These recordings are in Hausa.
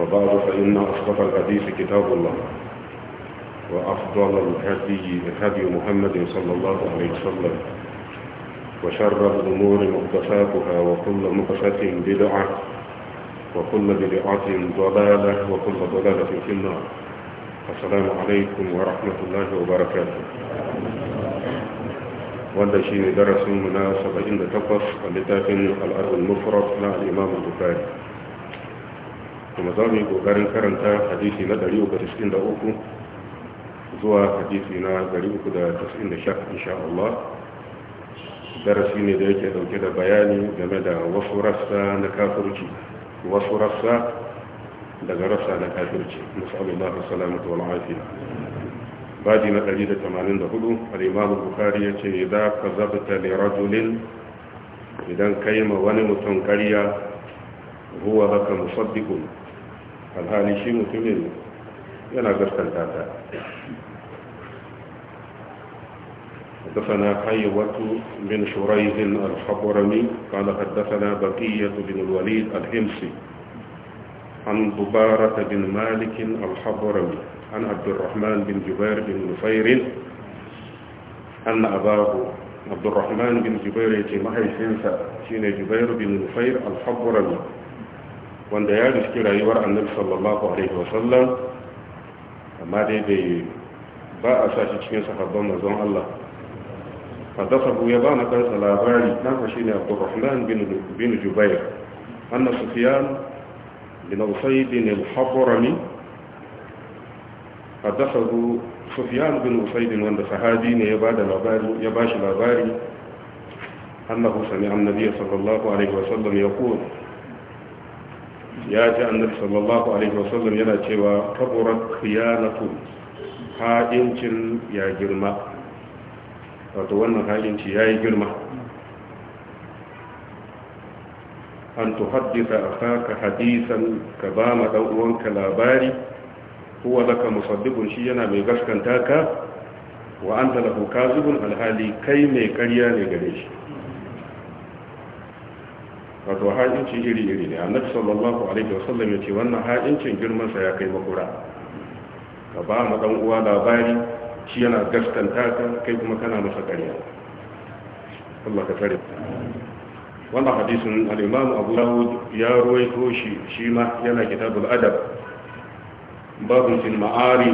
وبعد فإن أصدق الحديث كتاب الله وأفضل الهدي هدي محمد صلى الله عليه وسلم وشر الأمور مقدساتها وكل مقدسة بدعة وكل بدعة ضلالة وكل ضلالة في النار السلام عليكم ورحمة الله وبركاته wanda شيء درس مناسب إن تقص a littafin al'adun mufrat na al'imamun kuma za mu yi ƙoƙarin karanta hadisi na 393 zuwa hadisi na 396 insha Allah darasi ne da yake dauke da bayani game da wasu rassa na kafirci wasu rassa daga rassa na kafirci musallallahu salamatu wa afiya baji na 184 al-imam bukhari yace idza kazabta li rajulin idan kai ma wani mutum ƙarya huwa haka musaddiqun alhali shi mutumin yana gaskanta ta حدثنا حيوة بن شريد الحبرمي قال حدثنا بقية بن الوليد الهمسي عن ببارة بن مالك الحبرمي عن عبد الرحمن بن جبير بن نفير أن أباه عبد الرحمن بن جبير يتمحي سنسا شين جبير بن نفير الحبرمي wanda ya riski rayuwar annabi sallallahu alaihi wasallam amma dai bai ba a sa shi cikin sahabban manzon Allah haddathahu ya ba na kansa labari na fa shine Abdurrahman bin bin Jubair anna Sufyan bin Usayd bin al-Habrami haddathahu Sufyan bin Usayd wanda sahabi ne ya ba labari ya ba shi labari annahu sami'a an sallallahu alaihi wasallam yaqulu ya ji annabi sallallahu alaihi wasallam yana cewa kaburat khiyanatu ha'incin ya girma wato wannan ha'inci yi girma an tuhaddisa akaka hadisan ka ba ma dan uwanka labari huwa zaka musaddiqun shi yana mai gaskanta ka wa anta lahu kazibun alhali kai mai ƙarya ne gare shi wato ha'inci iri-iri ne annabi sallallahu alaihi wasallam ya ce wannan ha'incin girmansa ya kai makura ka ba mu dan uwa labari shi yana gaskanta ka kai kuma kana masa ƙarya Allah ka tare wannan hadisin al-Imam Abu Dawud ya ruwaito shi shi ma yana kitabul adab babun fil ma'ari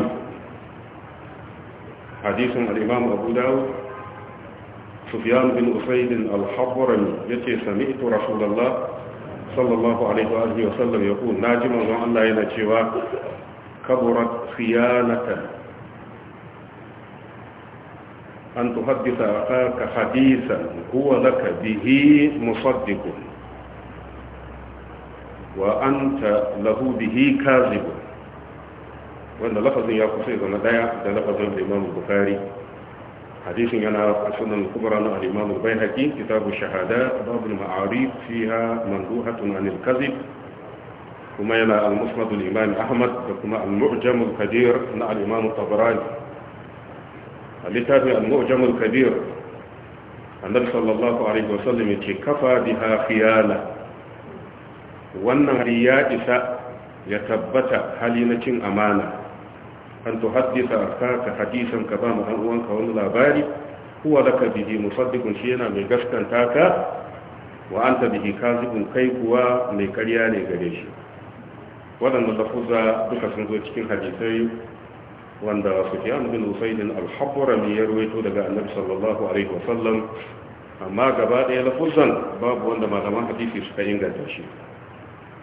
hadisin al-Imam Abu Dawud سفيان بن أسيد الحضرمي يتي سمعت رسول الله صلى الله عليه وآله وسلم يقول ناجم الله أن لا ينجوا كبرت خيانة أن تحدث أخاك حديثا هو لك به مصدق وأنت له به كاذب وأن لفظ يا قصيدة لا لفظ الإمام البخاري حديث أنا السنة الكبرى أنا الإمام البيهقي كتاب الشهادة باب المعاريف فيها مندوحة عن الكذب ثم ينا المسند الإمام أحمد ثم المعجم الكبير أنا الإمام الطبراني الكتاب المعجم الكبير النبي صلى الله عليه وسلم كفى بها خيانة وأن رياء يتبت هل أمانه an tuhaddisa ka hadisan ka ba mu dan uwanka wani labari huwa laka bihi musaddiqun shi yana mai gaskanta ka wa anta bihi kazibun kai kuwa mai karya ne gare shi Wadannan lafuza duka sun zo cikin hadisai wanda sufyan bin usaidin al-habbarami ya ruwaito daga annabi sallallahu alaihi sallam. amma gaba ɗaya lafuzan babu wanda malaman hadisi suka inganta shi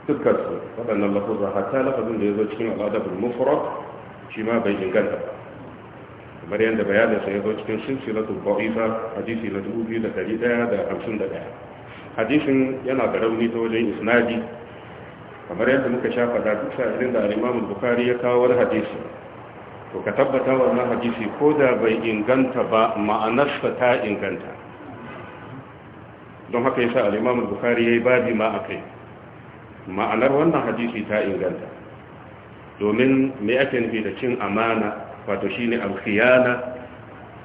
dukkan su waɗannan lafuzan hatta lafazin da ya zo cikin al'adabul mufrad shi ma bai inganta ba kamar yadda bayanin sa ya zo cikin silsilatul ba'ifa hadisi na 2151 hadisin yana da rauni ta wajen isnadi kamar yadda muka sha fada duk sa'ilin da al-Imam Bukhari ya kawo wani hadisi to ka tabbata wannan hadisi ko da bai inganta ba ma'anarsa ta inganta don haka yasa al-Imam Bukhari yi babi ma akai ma'anar wannan hadisi ta inganta domin me ake nufi da cin amana wato ne alkhiyana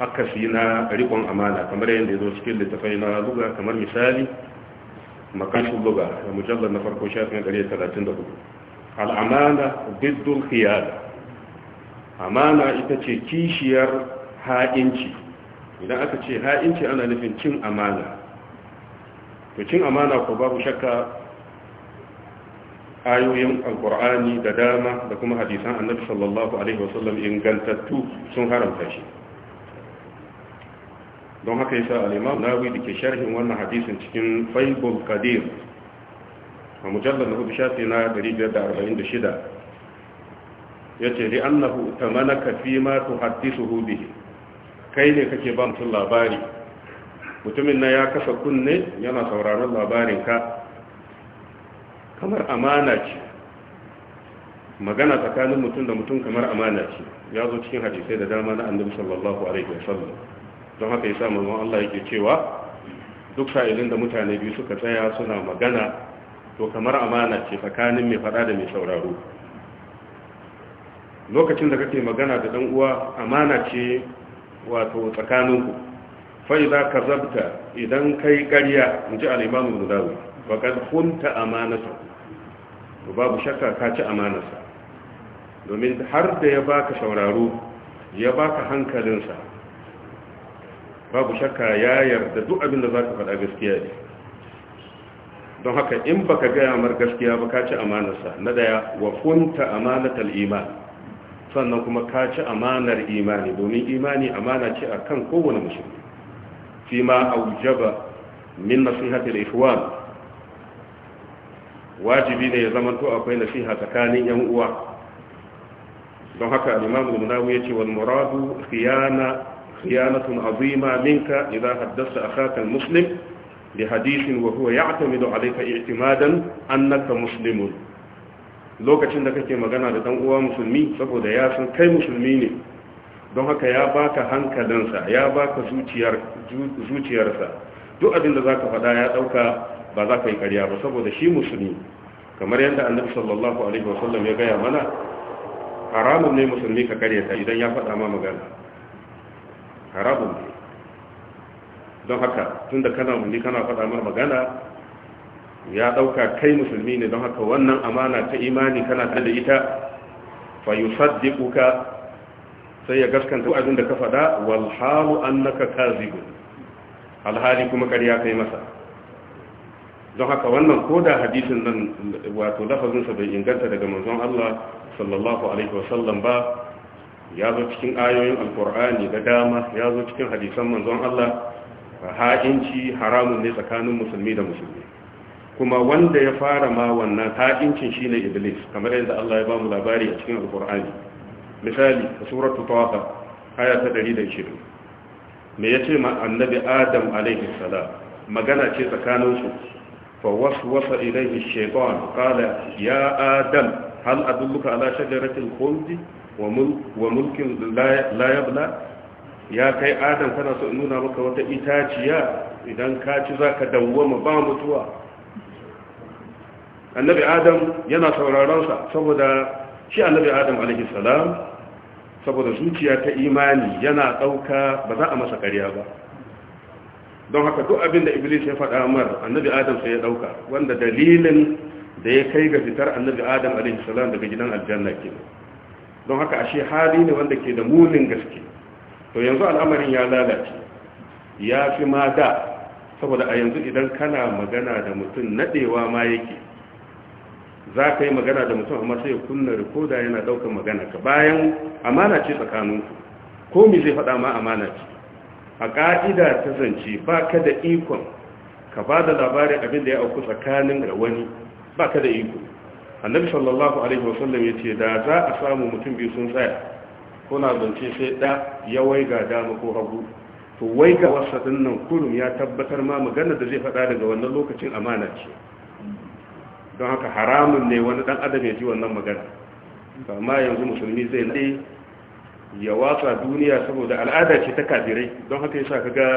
akasi na rikon amana kamar yadda zo cikin littafai na luga kamar misali makashin luga da mujallar na farko shafin 134 al'amana biddun khiyana amana ita ce kishiyar ha'inci idan aka ce ha'inci ana nufin cin amana to cin amana ko babu shakka ayoyin alkur'ani da dama da kuma hadisan annabi sallallahu alaihi wasallam ingantattu sun haramta shi don haka yasa al-imam nawawi dake sharhin wannan hadisin cikin faibul qadir a mujallal na hudu shafi na 546 yace li annahu tamanaka fi ma tuhaddithuhu bihi kai ne kake ba mutum labari mutumin na ya kasa kunne yana sauraron labarin ka kamar amana ce magana tsakanin mutum da mutum kamar amana ce ya zo cikin hadisai da dama na annabi sallallahu alaihi wasallam don haka yasa manzon Allah yake cewa duk sa'ilin da mutane biyu suka tsaya suna magana to kamar amana ce tsakanin mai fada da mai sauraro lokacin da kake magana da dan uwa amana ce wato tsakaninku fa idza kazabta idan kai ƙarya inji al da an-nawawi faqad khunta amanatuka to babu shakka ka ci amanarsa domin har da ya baka shauraro ya baka hankalinsa babu shakka ya yarda duk abin da za ka faɗa gaskiya ne don haka in baka gaya mar gaskiya ba ka ci amanarsa na daya wa kunta amanatal iman sannan kuma ka ci amanar imani domin imani amana ce a kan kowane musulmi fi ma aujaba min nasihatil ikhwan wajibi ne ya zamanto akwai nasiha tsakanin yan uwa don haka al-imam al-munawi yace wal muradu khiyana khiyanatun azima minka idza haddatha akhaka al-muslim bi hadithin wa huwa ya'tamidu alayka i'timadan annaka muslimun lokacin da kake magana da dan uwa musulmi saboda ya san kai musulmi ne don haka ya baka hankalinsa ya baka zuciyar zuciyarsa duk abin da za ka faɗa ya ɗauka ba za ka yi ƙarya ba saboda shi musulmi kamar yadda annabi sallallahu alaihi sallam ya gaya mana haramun ne musulmi ka ta idan ya faɗa ma magana haramun ne don haka tun da kana musulmi kana faɗa ma magana ya ɗauka kai musulmi ne don haka wannan amana ta imani kana da ita fa yusaddiquka sai ya gaskanta abin da ka faɗa wal halu annaka kazibun alhali kuma ƙarya kai masa don haka wannan ko da hadisin nan wato lafazinsa bai inganta daga manzon Allah sallallahu alaihi wasallam ba ya zo cikin ayoyin alkur'ani da dama ya zo cikin hadisan manzon Allah ha'inci haramun ne tsakanin musulmi da musulmi kuma wanda ya fara ma wannan ha'incin shine iblis kamar yadda Allah ya ba mu labari a cikin alkur'ani misali suratul tawafa aya ta 120 me ya ce ma annabi adam alaihi salam magana ce tsakaninsu fa waswasa ilaihi shekwan kala ya adam hal adulluka ala shajaratil kundi wa mulkin layabla? ya kai adam kana so in nuna maka wata itaciya idan ka ci za ka dawwama ba mutuwa annabi adam yana sauraron sa saboda shi annabi adam alaihi salam saboda zuciya ta imani yana ɗauka ba za a masa ƙarya ba don haka duk abin da iblis ya faɗa mar annabi adam sai ya ɗauka wanda dalilin da ya kai ga fitar annabi adam alaihissalam daga gidan aljanna ke don haka ashe hali ne wanda ke da munin gaske to yanzu al'amarin ya lalace ya fi ma da saboda a yanzu idan kana magana da mutum naɗewa ma yake za ka yi magana da mutum amma sai ya kunna rikoda yana ɗaukar magana ka bayan amana ce tsakaninku ko mi zai faɗa ma amana ce a ƙa'ida ta zance ba ka da ikon ka ba da labarin abin da ya auku tsakanin da wani ba ka da iko annabi sallallahu alaihi wasallam ya ce da za a samu mutum biyu sun tsaya ko na zance sai ɗa ya waiga dama ko hagu to ga wasa ɗin nan kurum ya tabbatar ma magana da zai faɗa daga wannan lokacin amana ce don haka haramun ne wani dan adam ya ji wannan magana amma yanzu musulmi zai ne ya watsa duniya saboda al'ada ce ta kafirai don haka yasa kaga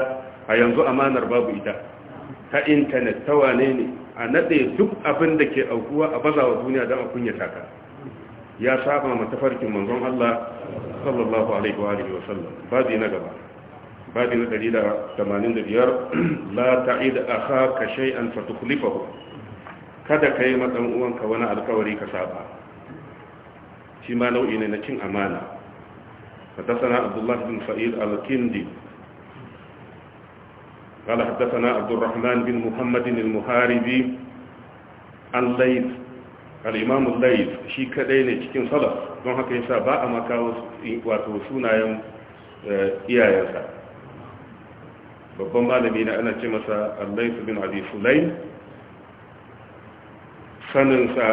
a yanzu amanar babu ita ta intanet ta wane ne a nade duk abin da ke aukuwa a bazawa duniya don a kunyata ka ya saba ma tafarkin manzon Allah sallallahu alaihi wa alihi wa sallam na gaba bazi na 85 la ta'id akhaka shay'an fatukhlifahu kada ka yi matsan uwanka wani alkawari ka saba shi ma nau'i ne na cin amana حدثنا عبد الله بن سعيد الكندي قال حدثنا عبد الرحمن بن محمد المحاربي عن ليث الإمام الليث شي كدai ne cikin salaf don haka yasa ba a makawo wato sunayen eh, iyayensa babban malami na ana ce masa al-Layth bin Abi Sulaym saninsa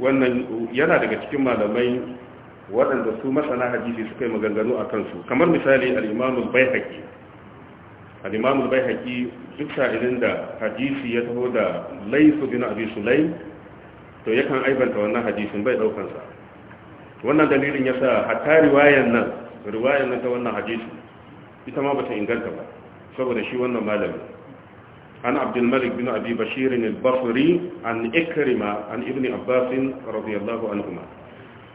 wannan yana daga cikin malamai waɗanda su masana hadisi suka yi maganganu a kansu kamar misali al'imamul bai haƙi al'imamul bai haƙi duk sa'ilin da hadisi ya taho da laifu bin abi sulai to yakan aibanta wannan hadisin bai ɗaukansa wannan dalilin ya sa hatta riwayan nan riwayan nan ta wannan hadisi ita ma ba ta inganta ba saboda shi wannan malami عن عبد الملك بن أبي بشير البصري عن إكرمة عن ابن عباس رضي الله عنهما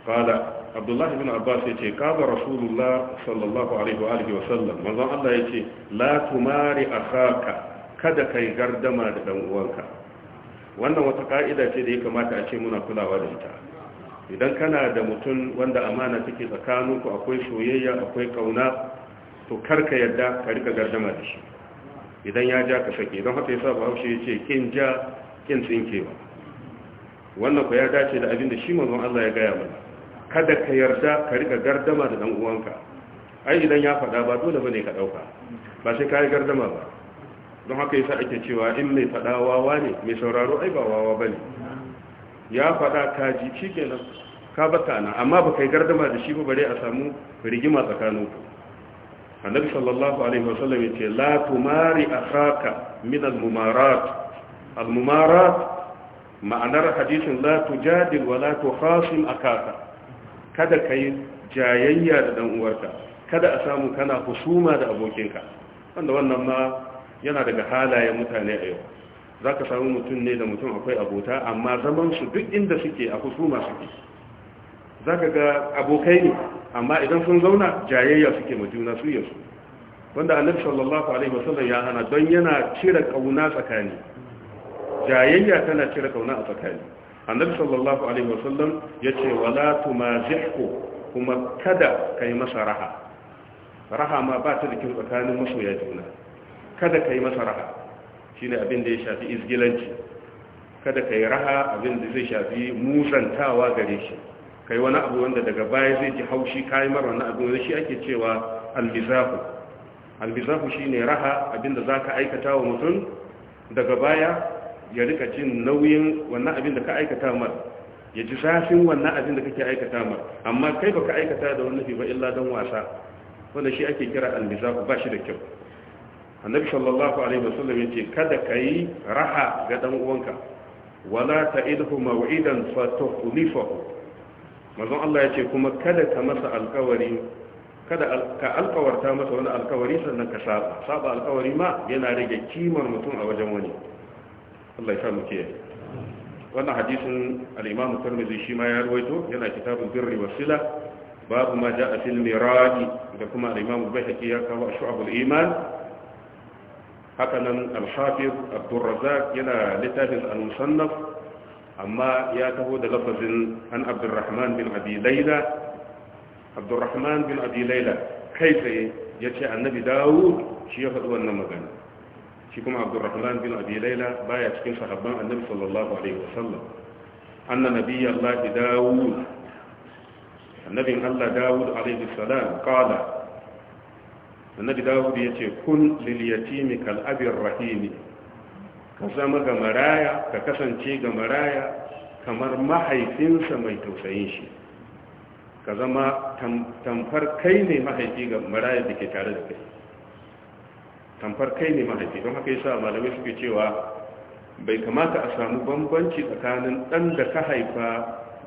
قال عبد الله بن عباس يتي قال رسول الله صلى الله عليه وآله وسلم ماذا الله يتي لا تماري أخاك kada kai gardama da dan uwanka wannan wata ka'ida ce da ya kamata a ce muna kulawa da ita idan kana da mutum wanda amana take tsakaninku akwai soyayya akwai kauna to karka yadda ka rika gardama da shi idan ya ja ka sake don haka ya sa bahaushe ya ce kin ja kin tsinkewa wannan ku ya dace da abin da shi manzon Allah ya gaya mana kada ka yarda ka rika gardama da dan uwanka ai idan ya faɗa ba dole bane ka dauka ba sai ka yi gardama ba don haka yasa ake cewa in mai faɗa wawa ne mai sauraro ai ba wawa bane ya faɗa ka ji shikenan ka bata na amma ba kai gardama da shi ba bare a samu rigima tsakaninku annabi sallallahu alaihi wasallam yace la tumari akhaka min al-mumarat al-mumarat ma'anar hadisin la tujadil wa la tukhasim akaka kada kai jayayya da dan uwarka kada a samu kana husuma da abokinka wanda wannan ma yana daga halayen mutane a yau zaka samu mutum ne da mutum akwai abota amma zaman su duk inda suke a husuma suke za ga abokai ne amma idan sun zauna jayayya suke ma juna su yasu wanda annabi sallallahu alaihi wasallam ya hana don yana cire kauna tsakani jayayya tana cire kauna a tsakani annabi sallallahu alaihi wasallam yace wala tumazihku kuma kada kai masa raha raha ma ba ta dake tsakanin ya juna kada kai masa raha shine abin da ya shafi izgilanci kada kai raha abin da zai shafi musantawa gare shi kai wani abu wanda daga baya zai ji haushi kayi mara wani abu wanda shi ake cewa albizahu albizahu shi ne raha abinda ka aikata wa mutum daga baya ya rika jin nauyin wannan abin da ka aikata mar ya ji zafin wannan abin da kake aikata mar amma kai baka aikata da wani ba illa don wasa wanda shi ake kira albizahu ba shi da kyau annabi sallallahu alaihi wasallam yace kada kai raha ga dan uwanka wala ta'idhu maw'idan fatukhlifahu manzon Allah ya ce kuma kada ka masa alkawari kada ka alkawarta masa wani alkawari sannan ka saba saba alkawari ma yana rage kimar mutum a wajen wani Allah ya sa mu wannan hadisin al tarmizi Tirmidhi shi ma ya ruwaito, yana kitabun birri Sila, babu ma a fil miradi da kuma al-Imam ya kawo shu'abul iman haka nan alhafir hafiz yana littafin al-Musannaf amma ya taho da lafazin an abdurrahman bin abi laila abdurrahman bin abi laila kai tsaye ya ce annabi dawud shi ya faɗi wannan magana shi kuma abdurrahman bin abi laila baya cikin sahabban annabi sallallahu alaihi wasallam anna nabiyallahi dawud annabin Allah dawud alaihi salam qala annabi dawud yace kun lil yatimi kal abir rahimi ka zama ga maraya ka kasance ga maraya kamar mahaifinsa mai tausayin shi ka zama tamfar kai ne mahaifi ga maraya da ke tare da kai tamfar kai ne mahaifi don haka yasa malamai suke cewa bai kamata a samu bambanci tsakanin ɗan da ka haifa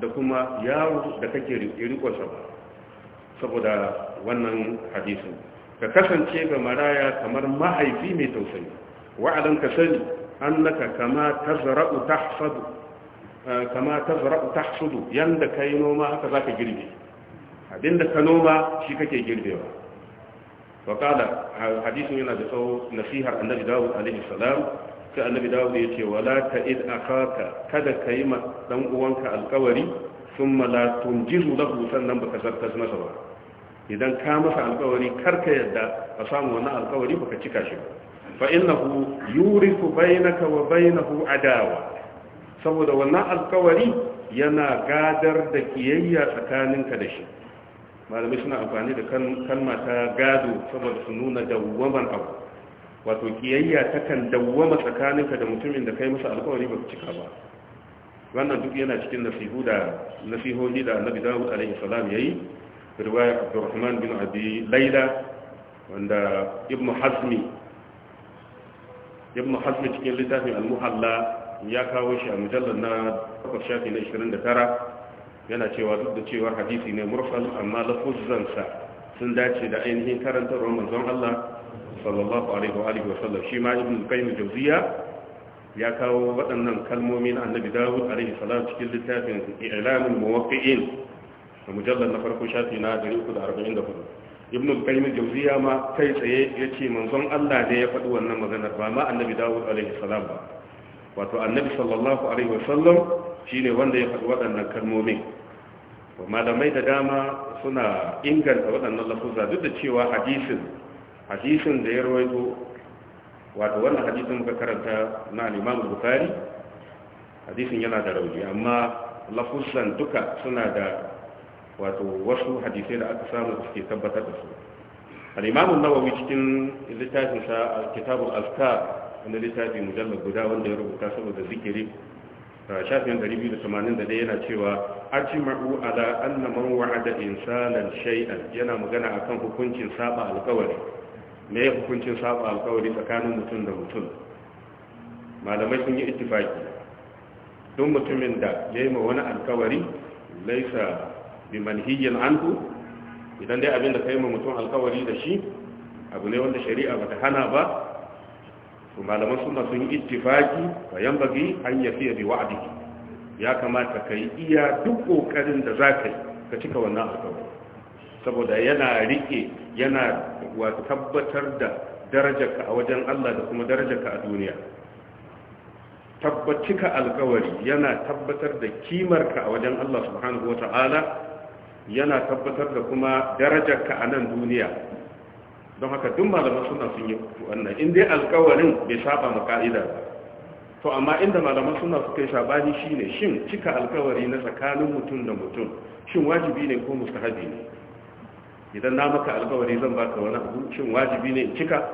da kuma yaro da kake rikonsa ba saboda wannan hadisun ka kasance ga maraya kamar mahaifi mai tausayi wa'adan ka sani annaka kama tazra'u tahsadu eh, kama tazra'u tahsudu yanda kai noma haka zaka girbe abinda ka noma shi kake girbewa wa kada hadisin yana da tsawo nasihar annabi dawud alaihi salam sai annabi dawud ya ce wala ta'id akaka kada kai ma dan uwanka alkawari thumma la tunjizu lahu sannan baka zartas masa ba idan ka masa alkawari karka yadda ka samu wannan alkawari baka cika shi ba fa innahu yurisu bainaka wa bainahu adawa saboda wannan alkawari yana gadar da kiyayya tsakaninka da shi malamai suna amfani da kalma ta gado saboda su nuna abu wato ƙiyayya takan dawwama tsakaninka da mutumin da kai masa alkawari ba cika ba wannan duk yana cikin nasihu da nasihohi da annabi dawud alaihi salam yayi riwaya abdurrahman bin abi laila wanda ibnu hazmi ibn hazmi cikin littafin al-muhalla ya kawo shi a mujallar na shafi na 29 yana cewa duk da cewa hadisi ne mursal amma lafuzzansa sun dace da ainihin karantarwar manzon Allah sallallahu alaihi wa alihi wa sallam shi ma ibn qayyim jawziya ya kawo waɗannan kalmomi na annabi dawud alaihi salam cikin littafin ilamul muwaqqi'in a mujallar na farko shafi na 344 ibn al-qayyim jawziya ma kai tsaye yace manzon Allah ne ya faɗi wannan maganar ba ma annabi Dawud alaihi salam ba wato annabi sallallahu alaihi wa wasallam shine wanda ya faɗi waɗannan kalmomin malamai da dama suna inganta waɗannan lafuzza duk da cewa hadisin hadisin da ya rawaito wato wannan hadisin muka karanta na al-Imam Bukhari hadisin yana da rauni amma lafuzan duka suna da wato wasu hadisai da aka samu suke tabbatar da su al-imam an-nawawi cikin littafin sa kitabul azkar wanda littafi mujallad guda wanda ya rubuta saboda zikiri shafin 281 yana cewa ajma'u ala anna man wa'ada insanan shay'an yana magana akan hukuncin saba alkawari me hukuncin saba alkawari tsakanin mutum da mutum malamai sun yi ittifaki don mutumin da ya yi wani alkawari laisa bi anhu idan dai abinda da kai ma mutum alkawari da shi abu ne wanda shari'a bata hana ba to malaman sunna sun yi ittifaki fa yanbaghi an fiye bi wa'dihi ya kamata kayi iya duk ƙoƙarin da zaka yi ka cika wannan alkawari saboda yana rike yana wa tabbatar da darajarka a wajen Allah da kuma darajarka a duniya tabbacika alkawari yana tabbatar da kimarka a wajen Allah subhanahu ta'ala. yana tabbatar da kuma darajar ka a nan duniya don haka duk malaman suna sun yi wannan in dai alkawarin bai saba ma ka'ida ba to amma inda malaman suna suka yi sabani shine shin cika alkawari na tsakanin mutum da mutum shin wajibi ne ko mustahabi ne idan na maka alkawari zan baka wani abu shin wajibi ne in cika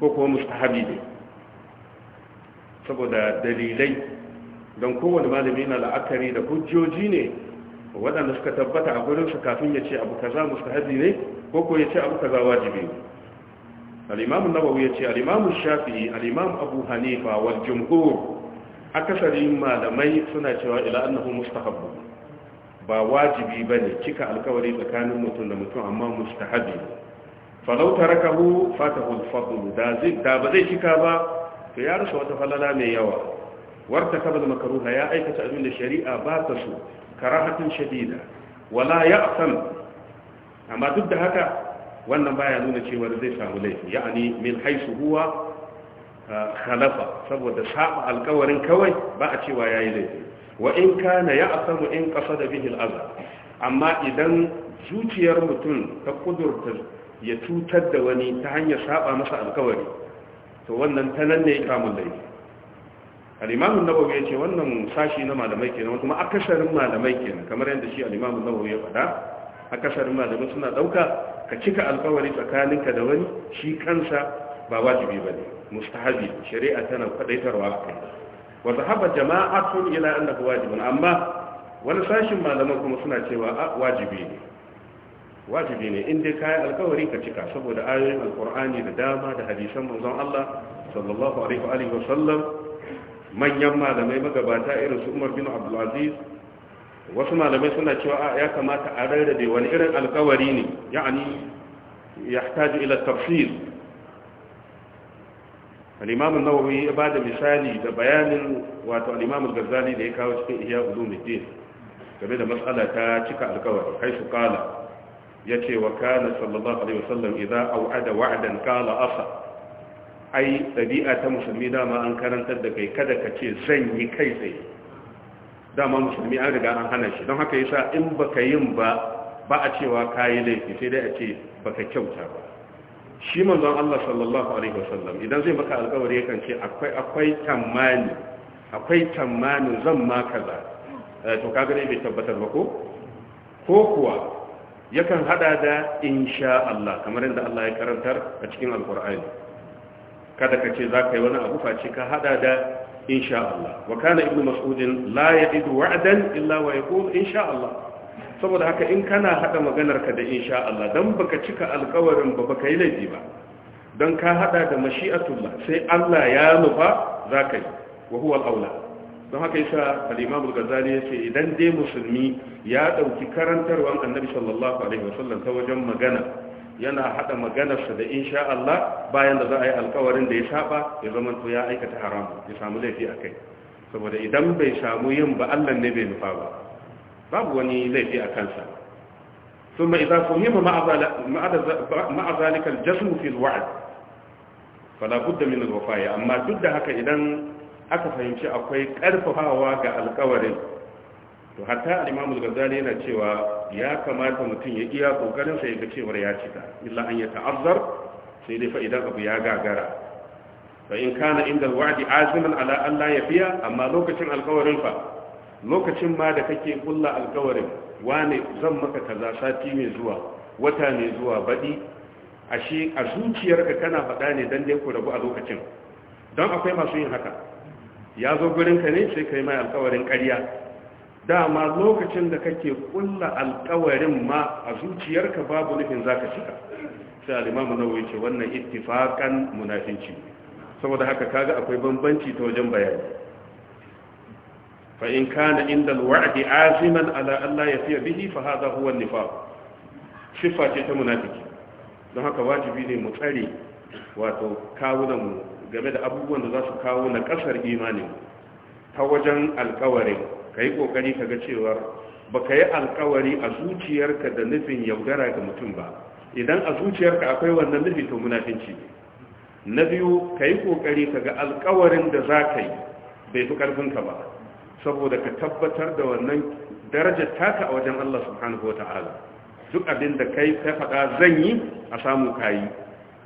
ko kuma mustahabi ne saboda dalilai don kowane malami na la'akari da hujjoji ne waɗanda suka tabbata a gurinsa kafin ya ce abu kaza mustahabi ne ko ko ya ce abu kaza wajibi ne al-imam an-nawawi ya ce al-imam shafi'i al-imam abu hanifa wal jumhur akasarin malamai suna cewa ila annahu mustahabbu ba wajibi bane cika alkawari tsakanin mutum da mutum amma mustahabi falau tarakahu fatahu al-fadl da zai da ba zai kika ba to ya rasa wata falala mai yawa warta kabal makruha ya aikata abin da shari'a ba ta so karahatin shadida wala ya'sam amma duk da haka wannan baya nuna cewa zai samu laifi ya'ani min haisu huwa ah, khalafa saboda saba alkawarin kawai ba a cewa yi laifi wa in kana ya'samu in da bihil al'aza amma idan zuciyar mutum ta kudurta ya cutar da wani ta hanyar saba masa alkawari to wannan nan ne ya kamun laifi alimamin imam ya ce wannan sashi na malamai kenan kuma akasarin malamai kenan kamar yadda shi al-imam ya fada akasarin malamai suna ɗauka ka cika alkawari tsakaninka da wani shi kansa ba wajibi ne mustahabi shari'a tana fadaitarwa akai wa jama'a sun ila annahu wajibun amma wani sashin malamai kuma suna cewa wajibi ne wajibi ne inda kayan alkawari ka cika saboda ayoyin alkur'ani da dama da hadisan manzon Allah sallallahu alaihi wa sallam manyan malamai magabata irin su umar bin abdulaziz wasu malamai suna cewa ya kamata a rarrabe wani irin alkawari ne ya'ani yahtaju ila tafsir al-imam an-nawawi ya misali da bayanin wato al-imam da ya kawo cikin ihya ulumuddin game da matsala ta cika alkawari kai su kala ce wa kana sallallahu alaihi wasallam idza aw'ada wa'dan kala asa ai ɗabi'a ta musulmi dama an karantar da kai kada ka ce zan yi kai tsaye dama musulmi an riga an hana shi don haka yasa in baka yin ba ba a cewa kayi laifi sai dai a ce baka kyauta ba shi manzon Allah sallallahu alaihi wasallam idan zai maka alƙawari yakan ce akwai akwai tamani akwai tamanin zan ma kaza eh, to kaga dai bai tabbatar ba ko ko kuwa yakan hada da insha Allah kamar yadda Allah ya karantar a cikin alkur'ani kada ka ce za ka yi wani abu face ka hada da insha Allah wa kana ibnu mas'udin la ya'idu wa'dan illa wa yaqul insha Allah saboda haka in kana hada maganar ka da insha Allah dan baka cika alƙawarin ba baka yi laifi ba dan ka hada da mashi'atullah sai Allah ya nufa zakayi yi wa huwa al-aula don haka yasa al-Imam al-Ghazali yace idan dai musulmi ya dauki karantarwan Annabi sallallahu alaihi wasallam ta wajen magana yana hada maganarsa da insha Allah bayan da za a yi alkawarin da ya saba ya zama to ya aikata haram ya samu laifi a kai saboda idan bai samu yin ba Allah ne bai nufa ba babu wani laifi a kansa ثم ma فهم مع ذلك الجسم في الوعد budda min من amma duk da haka idan aka fahimci akwai ƙarfafawa ga alkawarin to hatta al-imamul ghazali yana cewa ya kamata mutum ya iya kokarin sa yaga cewa ya cika illa an ya ta'azzar sai dai fa idan abu ya gagara fa in kana inda al-wa'di aziman ala an la yafiya amma lokacin alƙawarin fa lokacin ma da kake kulla alkawarin wane zan maka kaza sati mai zuwa wata mai zuwa badi ashe a zuciyarka kana faɗa ne dan dai ku rabu a lokacin don akwai masu yin haka ya zo gurinka ne sai kai mai alkawarin ƙarya dama lokacin da kake kulla alkawarin ma a zuciyarka babu nufin za ka shiga sai alimamu na wuce wannan ittifakan munafinci saboda haka kaga akwai bambanci ta wajen bayani in kana inda alwa'adi aziman ala Allah ya bihi fa haza huwa nifaq siffa ce ta munafiki don haka wajibi ne mu tsare wato mu game da abubuwan da za su kawo na kasar ta wajen alkawarin ka yi ƙoƙari ka ga cewar ba ka yi alkawari a zuciyarka da nufin yaudara ga mutum ba idan a zuciyarka akwai wannan nufin to munafinci na biyu ka yi ƙoƙari ka ga alkawarin da za ka yi bai fi ƙarfinka ba saboda ka tabbatar da wannan daraja taka a wajen Allah subhanahu wa ta'ala duk abin da kai ka faɗa zan yi a samu ka yi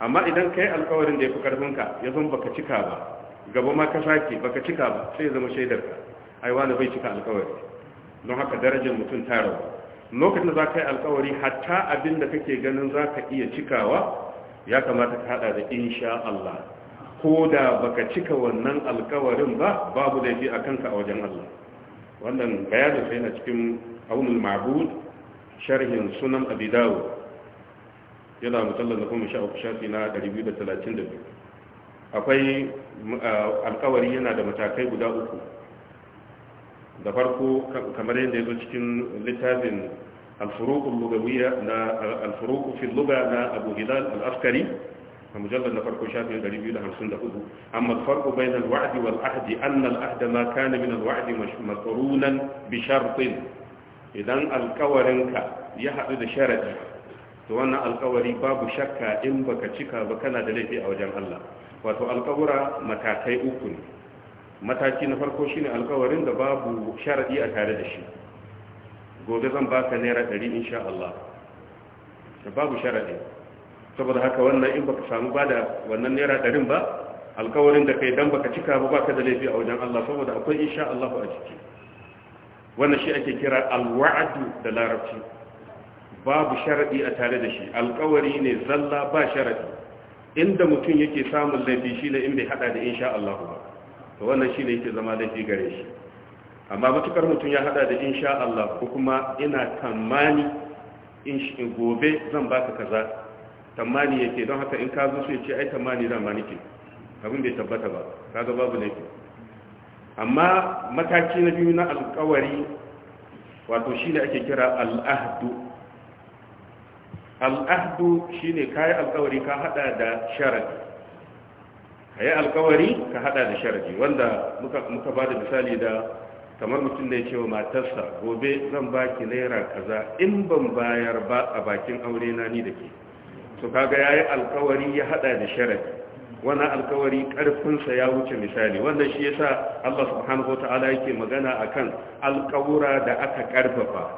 amma idan kai alkawarin da ya fi ƙarfinka ya zan baka cika ba gaba ma ka sake baka cika ba sai ya zama shaidarka ai wani bai cika alkawari don haka darajar mutum ta rabu lokacin da za ka yi alkawari hatta abin da kake ganin za ka iya cikawa ya kamata ka hada da insha Allah ko da baka cika wannan alkawarin ba babu laifi a kanka a wajen Allah wannan bayanin sai na cikin aunul ma'bud sharhin sunan abi dawud yana mutallar da kuma shafi na 232 akwai uh, alkawari yana da matakai guda uku da farko kamar yadda yazo cikin littafin al-furuq al na Abu Hilal al-Askari a mujallar na farko shafin 254 amma al-farqu bayna al-wa'd wal-ahd anna al ma kana min al-wa'd mashrunan bi shartin idan alkawarinka ya hadu da sharadi to wannan alkawari babu shakka in baka cika ba kana da laifi a wajen Allah wato alkawura matakai uku ne mataki na farko shine alkawarin da babu sharadi a tare da shi gobe zan baka naira 100 insha Allah da babu sharadi saboda haka wannan in baka samu bada wannan naira 100 ba alkawarin da kai dan baka cika ba baka da laifi a wajen Allah saboda akwai insha Allah a ciki wannan shi ake kira alwa'd da larabci babu sharadi a tare da shi alkawari ne zalla ba sharadi inda mutum yake samun laifi shi ne in bai hada da insha Allah ba to wannan shi ne yake zama laifi gare shi amma matukar mutum ya hada da insha Allah ko kuma ina tamani in gobe zan baka kaza tamani yake don haka in ka zo sai ce ai tamani da ma nake abin bai tabbata ba kaga babu laifi amma mataki na biyu na alƙawari wato shi ne ake kira al'ahdu al'ahdu ne kayi alƙawari ka hada da sharadi ka yi alkawari ka hada da sharadi wanda muka ba da misali da kamar mutum da ya ce wa matarsa gobe zan baki naira kaza in ban bayar ba a bakin aure na ni da ke to kaga yayi alkawari ya hada da sharadi wani alkawari karfinsa ya wuce misali wanda shi yasa Allah subhanahu wataala yake magana akan alkawura da aka karfafa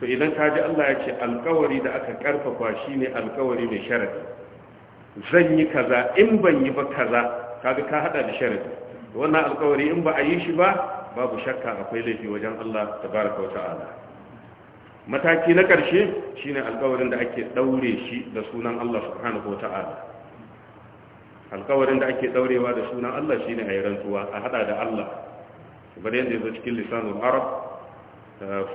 to idan ka ji Allah ya ce alkawari da aka karfafa shine alkawari mai sharadi zan yi kaza in ban yi ba kaza kaga ka hada da sharadi wannan alkawari in ba a yi shi ba babu shakka akwai laifi wajen Allah tabaraka wa ta'ala mataki na karshe shine alkawarin da ake daure shi da sunan Allah subhanahu wa ta'ala alkawarin da ake daurewa da sunan Allah shine a yi rantsuwa a hada da Allah kamar yadda yazo cikin lisanul arab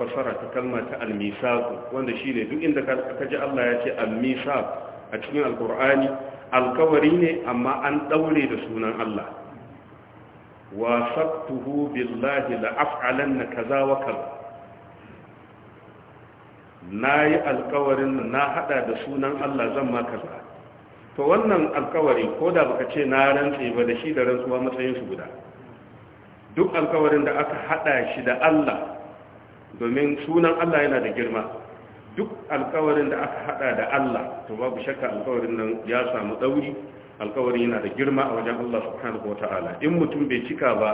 fassara ta kalma ta al-misaq wanda shine duk inda ka ji Allah ya ce al-misaq a cikin alkur'ani alkawari ne amma an daure da sunan Allah wasattuhu billahi la'af'alanna kaza wa kaza yi alkawarin na hada da sunan Allah zan ma kaza to wannan alkawari da baka ce na rantse ba da shi da rantsuwa matsayinsu guda duk alkawarin da aka hada shi da Allah domin sunan Allah yana da girma duk alkawarin da aka hada da Allah to babu shakka alkawarin nan ya samu dauri alkawari yana da girma a wajen Allah subhanahu wataala in mutum bai cika ba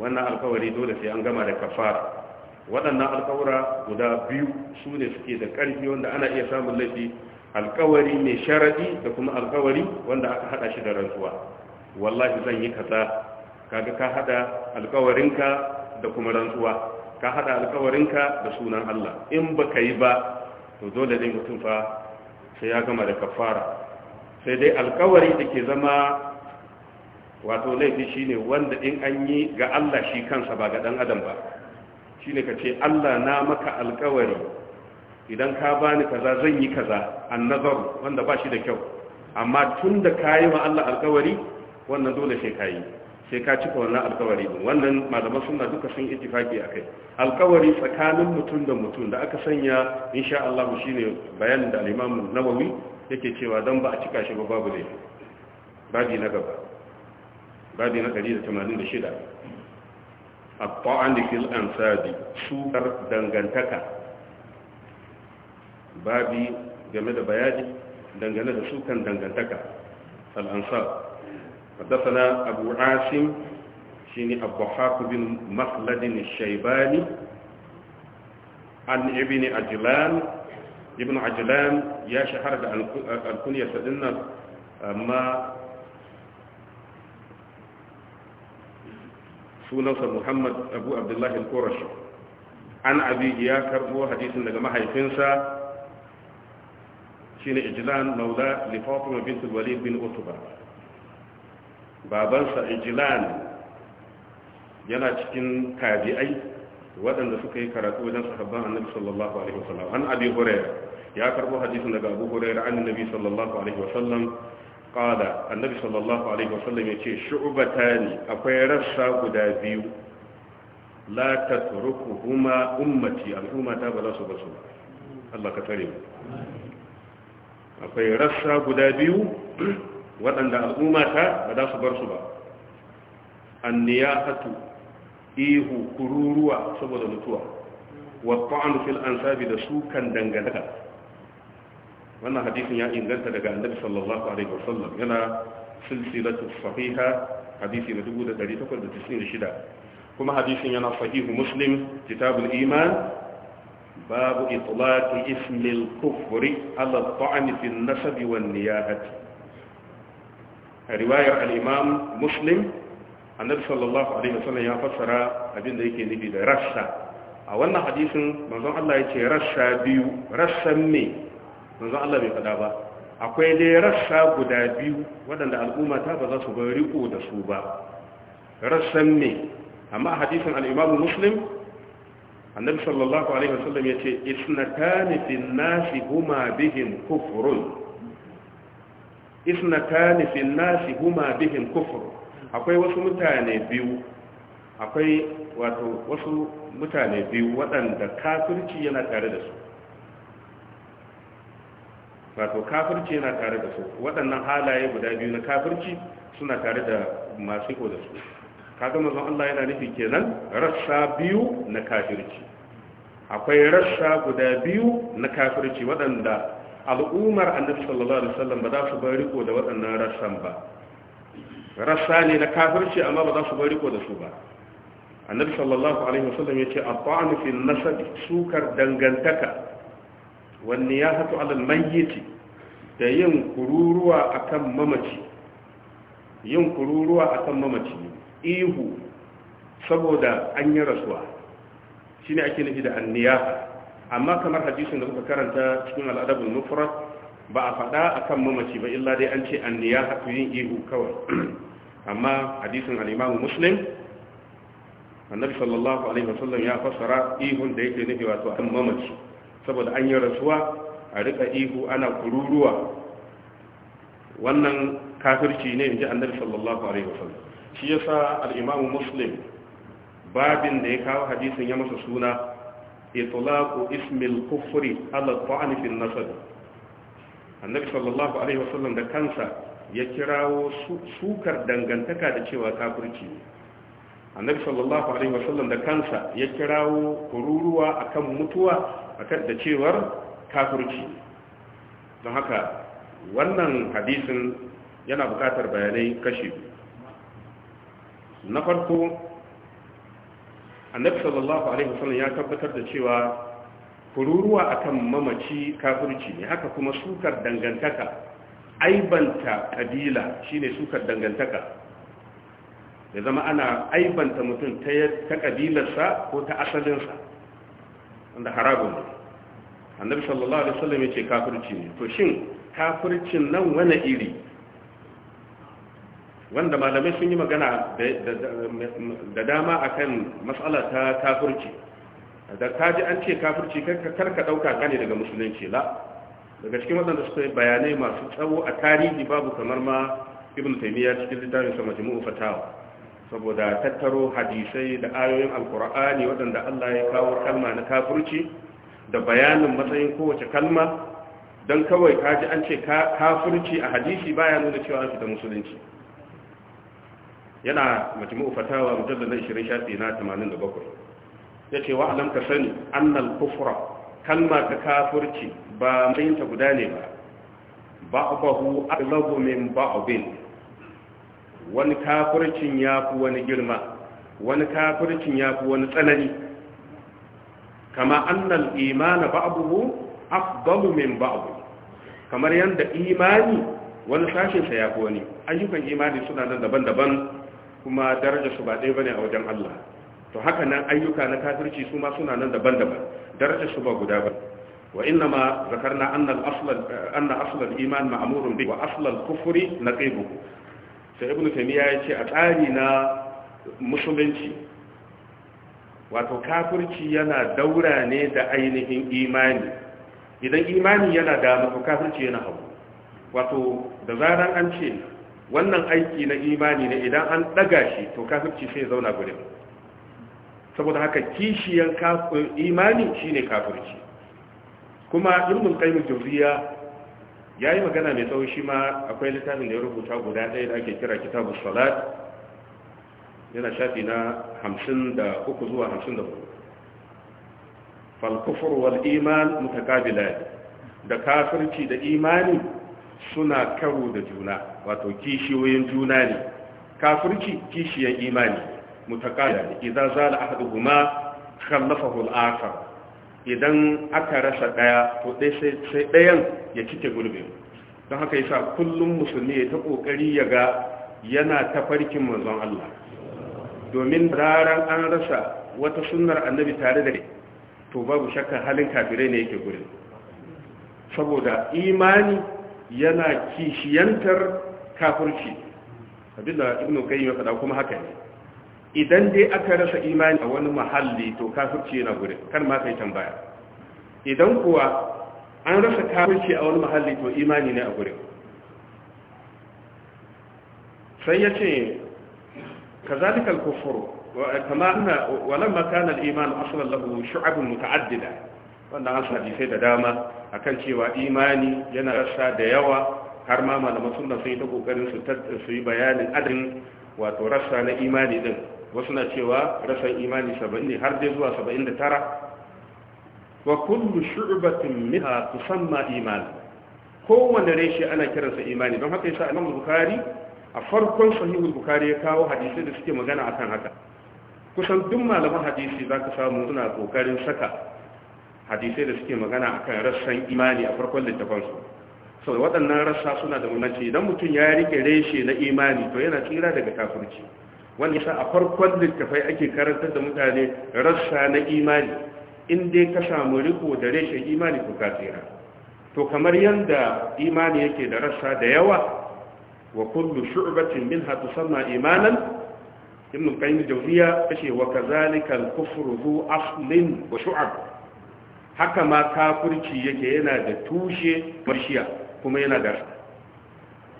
wannan alkawari dole sai an gama da kafara waɗannan alkawura guda biyu su ne suke da ƙarfi wanda ana iya samun laifi alkawari mai sharadi da kuma alkawari wanda aka hada shi da rantsuwa wallahi zan yi kaza kaga ka hada alkawarinka da kuma rantsuwa ka hada alkawarinka da sunan Allah in baka yi ba to dole ne mutum fa sai ya gama da kafara sai dai alkawari da ke zama wato laifi shine wanda in an yi ga Allah shi kansa ba ga ɗan adam ba shine ka ce Allah na maka alkawari idan ka bani kaza zan yi kaza annazar wanda ba shi da kyau amma tun da yi wa Allah alkawari wannan dole sai kayi sai ka cika wannan alkawari din wannan malaman suna duka sun ittifaki akai alkawari tsakanin mutum da mutum da aka sanya insha Allah shine bayanin da al-Imam Nawawi yake cewa dan ba a cika shi ba babu dai. babi na gaba babi na 186 at-ta'an fil ansabi sukar dangantaka babi game da bayani dangane da sukan dangantaka al-ansab حدثنا أبو عاصم ابو الضحاك بن مخلد الشيباني عن ابن عجلان ابن عجلان يا شهر الكنية يسالنا ما سونس محمد أبو عبد الله القرشي عن أبي جياكر هو حديث النجمة حيثنسا شين إجلان مولاه لفاطمة بنت الوليد بن أطبا babansa ijilan yana cikin tabi'ai waɗanda suka yi karatu wajen sahabban annabi sallallahu alaihi wasallam an abi hurairah ya karbo hadisin daga abu hurairah an annabi sallallahu alaihi wasallam qala annabi sallallahu alaihi wasallam yace shu'batani akwai rassa guda biyu la tatrukuhuma ummati al'umma ta ba za su basu Allah ka tare mu akwai rassa guda biyu waɗanda al'umma ta ba za su bar su ba anniyahatu ihu kururuwa saboda mutuwa wa ta'anu fil ansabi da sukan dangantaka wannan hadisin ya inganta daga annabi sallallahu alaihi wasallam yana silsilatu sahiha hadisi na 1896 kuma hadisin yana sahihu muslim kitabul iman babu itlaqi ismil kufri ala ta'ani fil nasab wan niyahati riwayar alimam imam muslim annabi sallallahu alaihi wasallam ya fassara abin da yake nufi da rassa a wannan hadisin manzon Allah ya ce rassa biyu rassan me manzon Allah bai faɗa ba akwai dai rassa guda biyu waɗanda al'umma ta ba za su bar riko da su ba rassan me amma a hadisin al muslim annabi sallallahu alaihi wasallam ya ce isnatani fi nasi huma bihim kufrun isnatani fi nasi huma bihim kufr akwai wasu mutane biyu akwai wato wasu mutane biyu waɗanda kafirci yana tare da su wato kafirci yana tare da su waɗannan halaye guda biyu na kafirci suna tare da masu ko da su kaga mazan Allah yana nufi kenan rassa biyu na kafirci akwai rassa guda biyu na kafirci waɗanda al'ummar annabi sallallahu alaihi wasallam ba za su bar riko da waɗannan rassan ba rassa ne na kafirci amma ba za su bar riko da su ba annabi sallallahu alaihi wasallam yace at-ta'nu fil nasab sukar dangantaka wan niyahatu 'ala al-mayyit da yin kururuwa akan mamaci yin kururuwa akan mamaci ihu saboda an yi rasuwa shine ake nufi da anniyaha amma kamar hadisin da muka karanta cikin al'adabul mufrad ba a faɗa akan mamaci ba illa dai an ce anniya hatu yin ihu kawai amma hadisin al-imamu muslim annabi sallallahu alaihi wasallam ya fassara ihun da yake nufi wato an mamaci saboda an yi rasuwa a rika ihu ana kururuwa wannan kafirci ne inji annabi sallallahu alaihi wasallam shi yasa al-imamu muslim babin da ya kawo hadisin ya masa suna itlaqu ismil kufri ala ta'ani fil nasab annabi sallallahu alaihi wasallam da kansa ya kirawo sukar dangantaka da cewa kafirci ne annabi sallallahu alaihi wasallam da kansa ya kirawo kururuwa akan mutuwa akan da cewar kafirci don haka wannan hadisin yana bukatar bayanai kashi na farko annabi sallallahu alaihi wasallam ya tabbatar da cewa kururuwa akan mamaci kafirci ne haka kuma sukar dangantaka aibanta kabila shine sukar dangantaka ya zama ana aibanta mutum ta kabilarsa ko ta asalinsa wanda haragun ne annabi sallallahu alaihi wasallam ya ce kafirci ne to shin kafircin nan wani iri wanda malamai sun yi magana da dama akan matsala ta kafirci da kaji an ce kafirci karka dauka gane daga musulunci la daga cikin wadanda suka bayanai masu tsawo a tarihi babu kamar ma ibn taimiyya cikin littafin sa majmu'u fatawa saboda tattaro hadisai da ayoyin alqur'ani waɗanda Allah ya kawo kalma na kafirci da bayanin matsayin kowace kalma don kawai kaji an ce kafirci a hadisi baya nuna cewa an fita musulunci yana majmu'u fatawa mujallal na 20 shafi na 87 yace wa alam ka sani annal kufra kalma ta kafirci ba mayin ta guda ne ba ba'dahu aghlabu min ba'din wani kafircin fi wani girma wani kafircin fi wani tsanani kama annal imana ba'dahu afdalu min ba'd kamar yanda imani wani sashin sa fi wani ayyukan imani suna nan daban-daban kuma darajarsu ba ɗaya bane a wajen Allah to haka nan ayyuka na kafirci su ma suna nan daban-daban Darajarsu ba guda ba wa inna ma zakarna anna al-asla iman ma'amurin bi wa asla kufuri na naqibu sai ibnu taymiya ya ce a tsari na musulunci wato kafirci yana daura ne da ainihin imani idan imani yana da maka kafirci yana hau wato da zaran an ce wannan aiki na imani ne idan an daga shi to kafirci sai zauna gurin saboda haka kishiyan imani shine kafirci kuma ibn qayyim ya yayi magana mai tsawo shi ma akwai littafin da ya rubuta guda ɗaya da ake kira kitabun salat yana shafi na 53 zuwa 54 fal wal iman mutakabila da kafirci da imani suna karo da juna wato kishiyoyin juna ne kafirci kishiyan imani mutakada ne idan zala ahaduhuma khallafahu al-akhar idan aka rasa ɗaya to sai ɗayan ya cike gurbi don haka yasa kullum musulmi ya ta kokari ya ga yana ta tafarkin manzon Allah domin raran an rasa wata sunnar annabi tare da to babu shakka halin kafirai ne yake gurin saboda imani yana kishiyantar kafirci abinda ibn qayyim ya faɗa kuma haka ne idan dai aka rasa imani a wani mahalli to kafirci yana gurin kan ma kai tambaya idan kuwa an rasa kafirci a wani mahalli to imani ne a gurin sai ya ce kazalikal الكفر كما أن ولما كان الإيمان أصلا له شعب متعددة wanda an sa hadisai da dama akan cewa imani yana rasa da yawa har ma malaman sunna sun yi ta kokarin su yi bayanin adin wato rassa na imani din wasu na cewa rassan imani 70 ne har dai zuwa 79 wa kullu shu'batin minha tusamma iman kowanne reshe ana kiransa imani don haka yasa Imam Bukhari a farkon sahihu Bukhari ya kawo hadisi da suke magana akan haka kusan duk malaman hadisi zaka samu suna kokarin saka hadisai da suke magana akan rassan imani a farkon littafansu sau waɗannan rassa suna da munaci don mutum ya rike reshe na imani to yana tsira daga kafirci wani sa a farkon littafai ake karantar da mutane rassa na imani in dai ka samu riko da reshe imani ko ka tsira to kamar yadda imani yake da rasa da yawa wa kullu shu'batin hatu tusamma imanan ibn qayyim jawziya kace wa kazalika al-kufru zu aslin wa shu'ab haka ma kafirci yake yana da tushe marshiya kuma yana da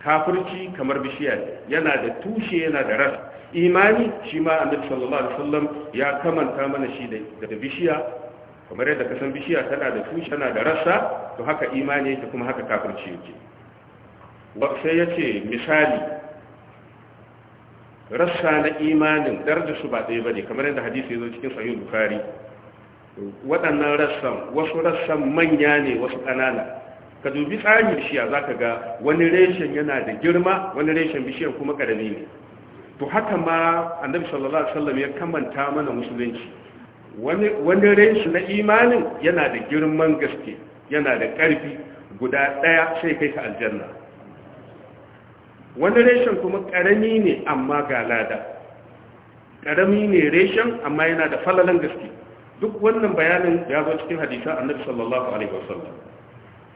kafirci kamar bishiya yana da tushe yana da ras imani shi ma annabi sallallahu alaihi wasallam ya kamanta mana shi da bishiya kamar yadda kasan bishiya tana da tushe tana da rasa to haka imani yake kuma haka kafirci yake sai ya ce misali rassa na imanin darajar su ba ɗaya ba ne kamar yadda hadisi ya zo cikin sahih bukhari waɗannan rassan wasu rassan manya ne wasu ƙanana ka dubi tsarin bishiya za ka ga wani reshen yana da girma wani reshen bishiyar kuma karami ne to haka ma annabi sallallahu alaihi wasallam ya kamanta mana musulunci wani wani na imanin yana da girman gaske yana da karfi guda ɗaya sai kai ka aljanna wani reshen kuma ƙarami ne amma ga lada ƙarami ne reshen amma yana da falalan gaske duk wannan bayanin ya zo cikin hadisan annabi sallallahu alaihi wasallam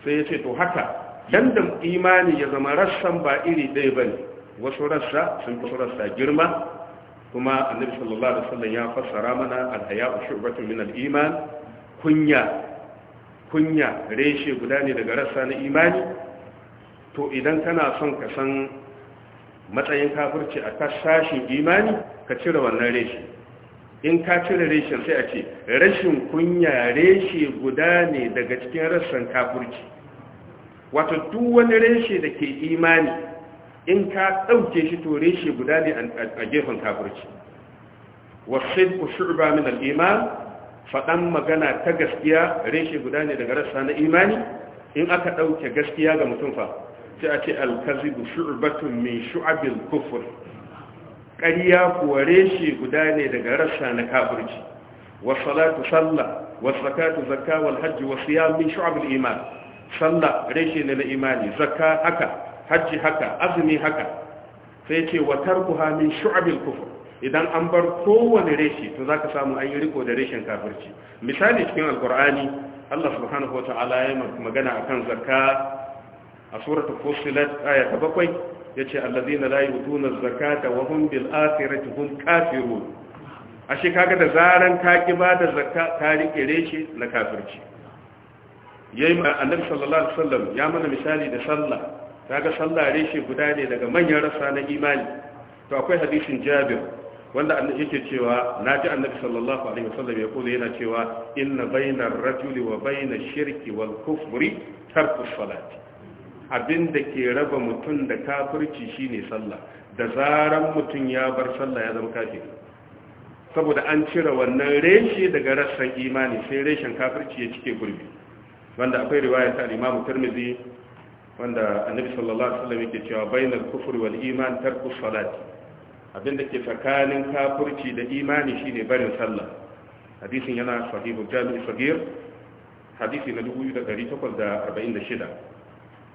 sai ya ce to haka dandan imani ya zama rassan ba iri ɗaya ba ne wasu rassa sun fi rassa girma kuma annabi sallallahu alaihi wasallam ya fassara mana alhaya'u shubatu min al-iman kunya kunya reshe guda ne daga rassa na imani to idan kana son ka san matsayin kafirci a kasashin imani ka cire wannan reshe in ka cire reshen sai a ce rashin kunya reshe guda ne daga cikin rassan kafirci wato duk wani reshe da ke imani in ka ɗauke shi to reshe guda ne a gefen kafirci wasid ku shu'ba min al faɗan magana ta gaskiya reshe guda ne daga rassa na imani in aka ɗauke gaskiya ga mutum fa sai a ce al-kazibu shu'batun min shu'abil kufur. ƙarya kuwa reshe guda ne daga rassa na kafirci Wasu salatu sallah wasu zakatu zakka hajji, wasu wa min iman sallah reshe ne na imani zakka haka hajji haka azumi haka sai ce wa tarkuha min shu'abil kufr idan an bar kowane reshe to zaka samu an yi riko da reshen kafirci misali cikin alqur'ani Allah subhanahu wata'ala ya magana akan zakka a suratu fussilat aya ta 7 yace allazina la yutuna zakata wa hum bil akhirati hum kafirun ashe kaga da zaran ka ki ba da zakka ka rike reshe na kafirci yayi annabi sallallahu alaihi wasallam ya mana misali da sallah kaga sallah reshe guda ne daga manyan rasa na imani to akwai hadisin Jabir wanda annabi yake cewa naji annabi sallallahu alaihi wasallam ya kula yana cewa inna bainar rajuli wa bainash shirki wal kufri tarku salati abinda ke raba mutum da kafirci shine sallah da zaran mutum ya bar sallah ya zama kafiri saboda an cire wannan reshe daga rassan imani sai reshen kafirci ya cike gurbi wanda akwai riwaya ta al-Imam Tirmidhi wanda Annabi sallallahu alaihi wasallam yake cewa bainal kufri wal iman tarku salat abinda ke tsakanin kafirci da imani shine barin sallah hadisin yana sahihu Jami' Saghir hadisi na 2846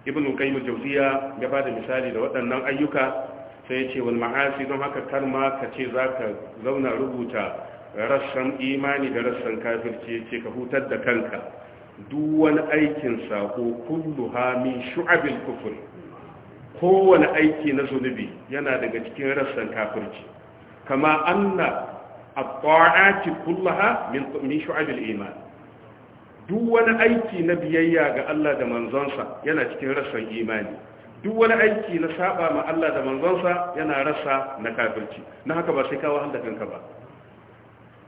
Ibn Qayyim al-Jawziyya ya bada misali da waɗannan ayyuka sai ya ce wal ma'asi don haka kar ma ka ce zaka zauna rubuta rassan imani da rassan kafirci ce ka hutar da kanka duk wani aikin sako kulluha min shu'abil kufr kowane aiki na zunubi yana daga cikin rassan kafirci kama anna at-ta'ati kullaha min min shu'abil iman duk wani aiki na biyayya ga Allah da manzonsa yana cikin rassan imani duk wani aiki na saba ma Allah da manzonsa yana rasa na kafirci na haka ba sai ka wahala kanka ba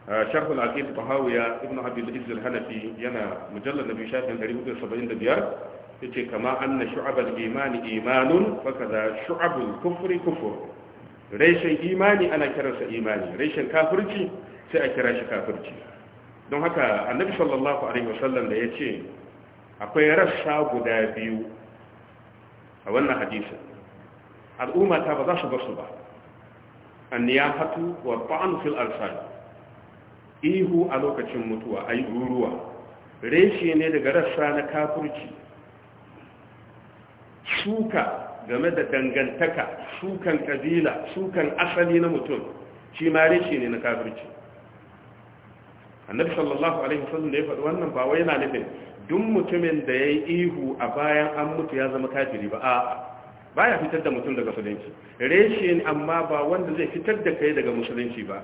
شرح العقيد طهاوية ابن عبد العز الهنفي ينا مجلد نبي شاف من قريب السبعين دبيار يتي كما أن شعب الإيمان إيمان فكذا شعب الكفر كفر ريشن إيماني أنا كرس إيماني ريشن كافرتي سأكرش كافرتي don haka annabi sallallahu alaihi wasallam da ya ce akwai rassa guda biyu a wannan hadisin al'umma ta ba za su basu ba an ya hatu wa ta'an fil arsani ihu a lokacin mutuwa ai ruruwa reshe ne daga rassa na kafurci suka game da dangantaka sukan kabila sukan asali na mutum shi ma reshe ne na kafurci annabi sallallahu alaihi wasallam da ya faɗi wannan ba wai yana nufin duk mutumin da ya yi ihu a bayan an mutu ya zama kafiri ba a'a baya fitar da mutum daga musulunci reshe amma ba wanda zai fitar da kai daga musulunci ba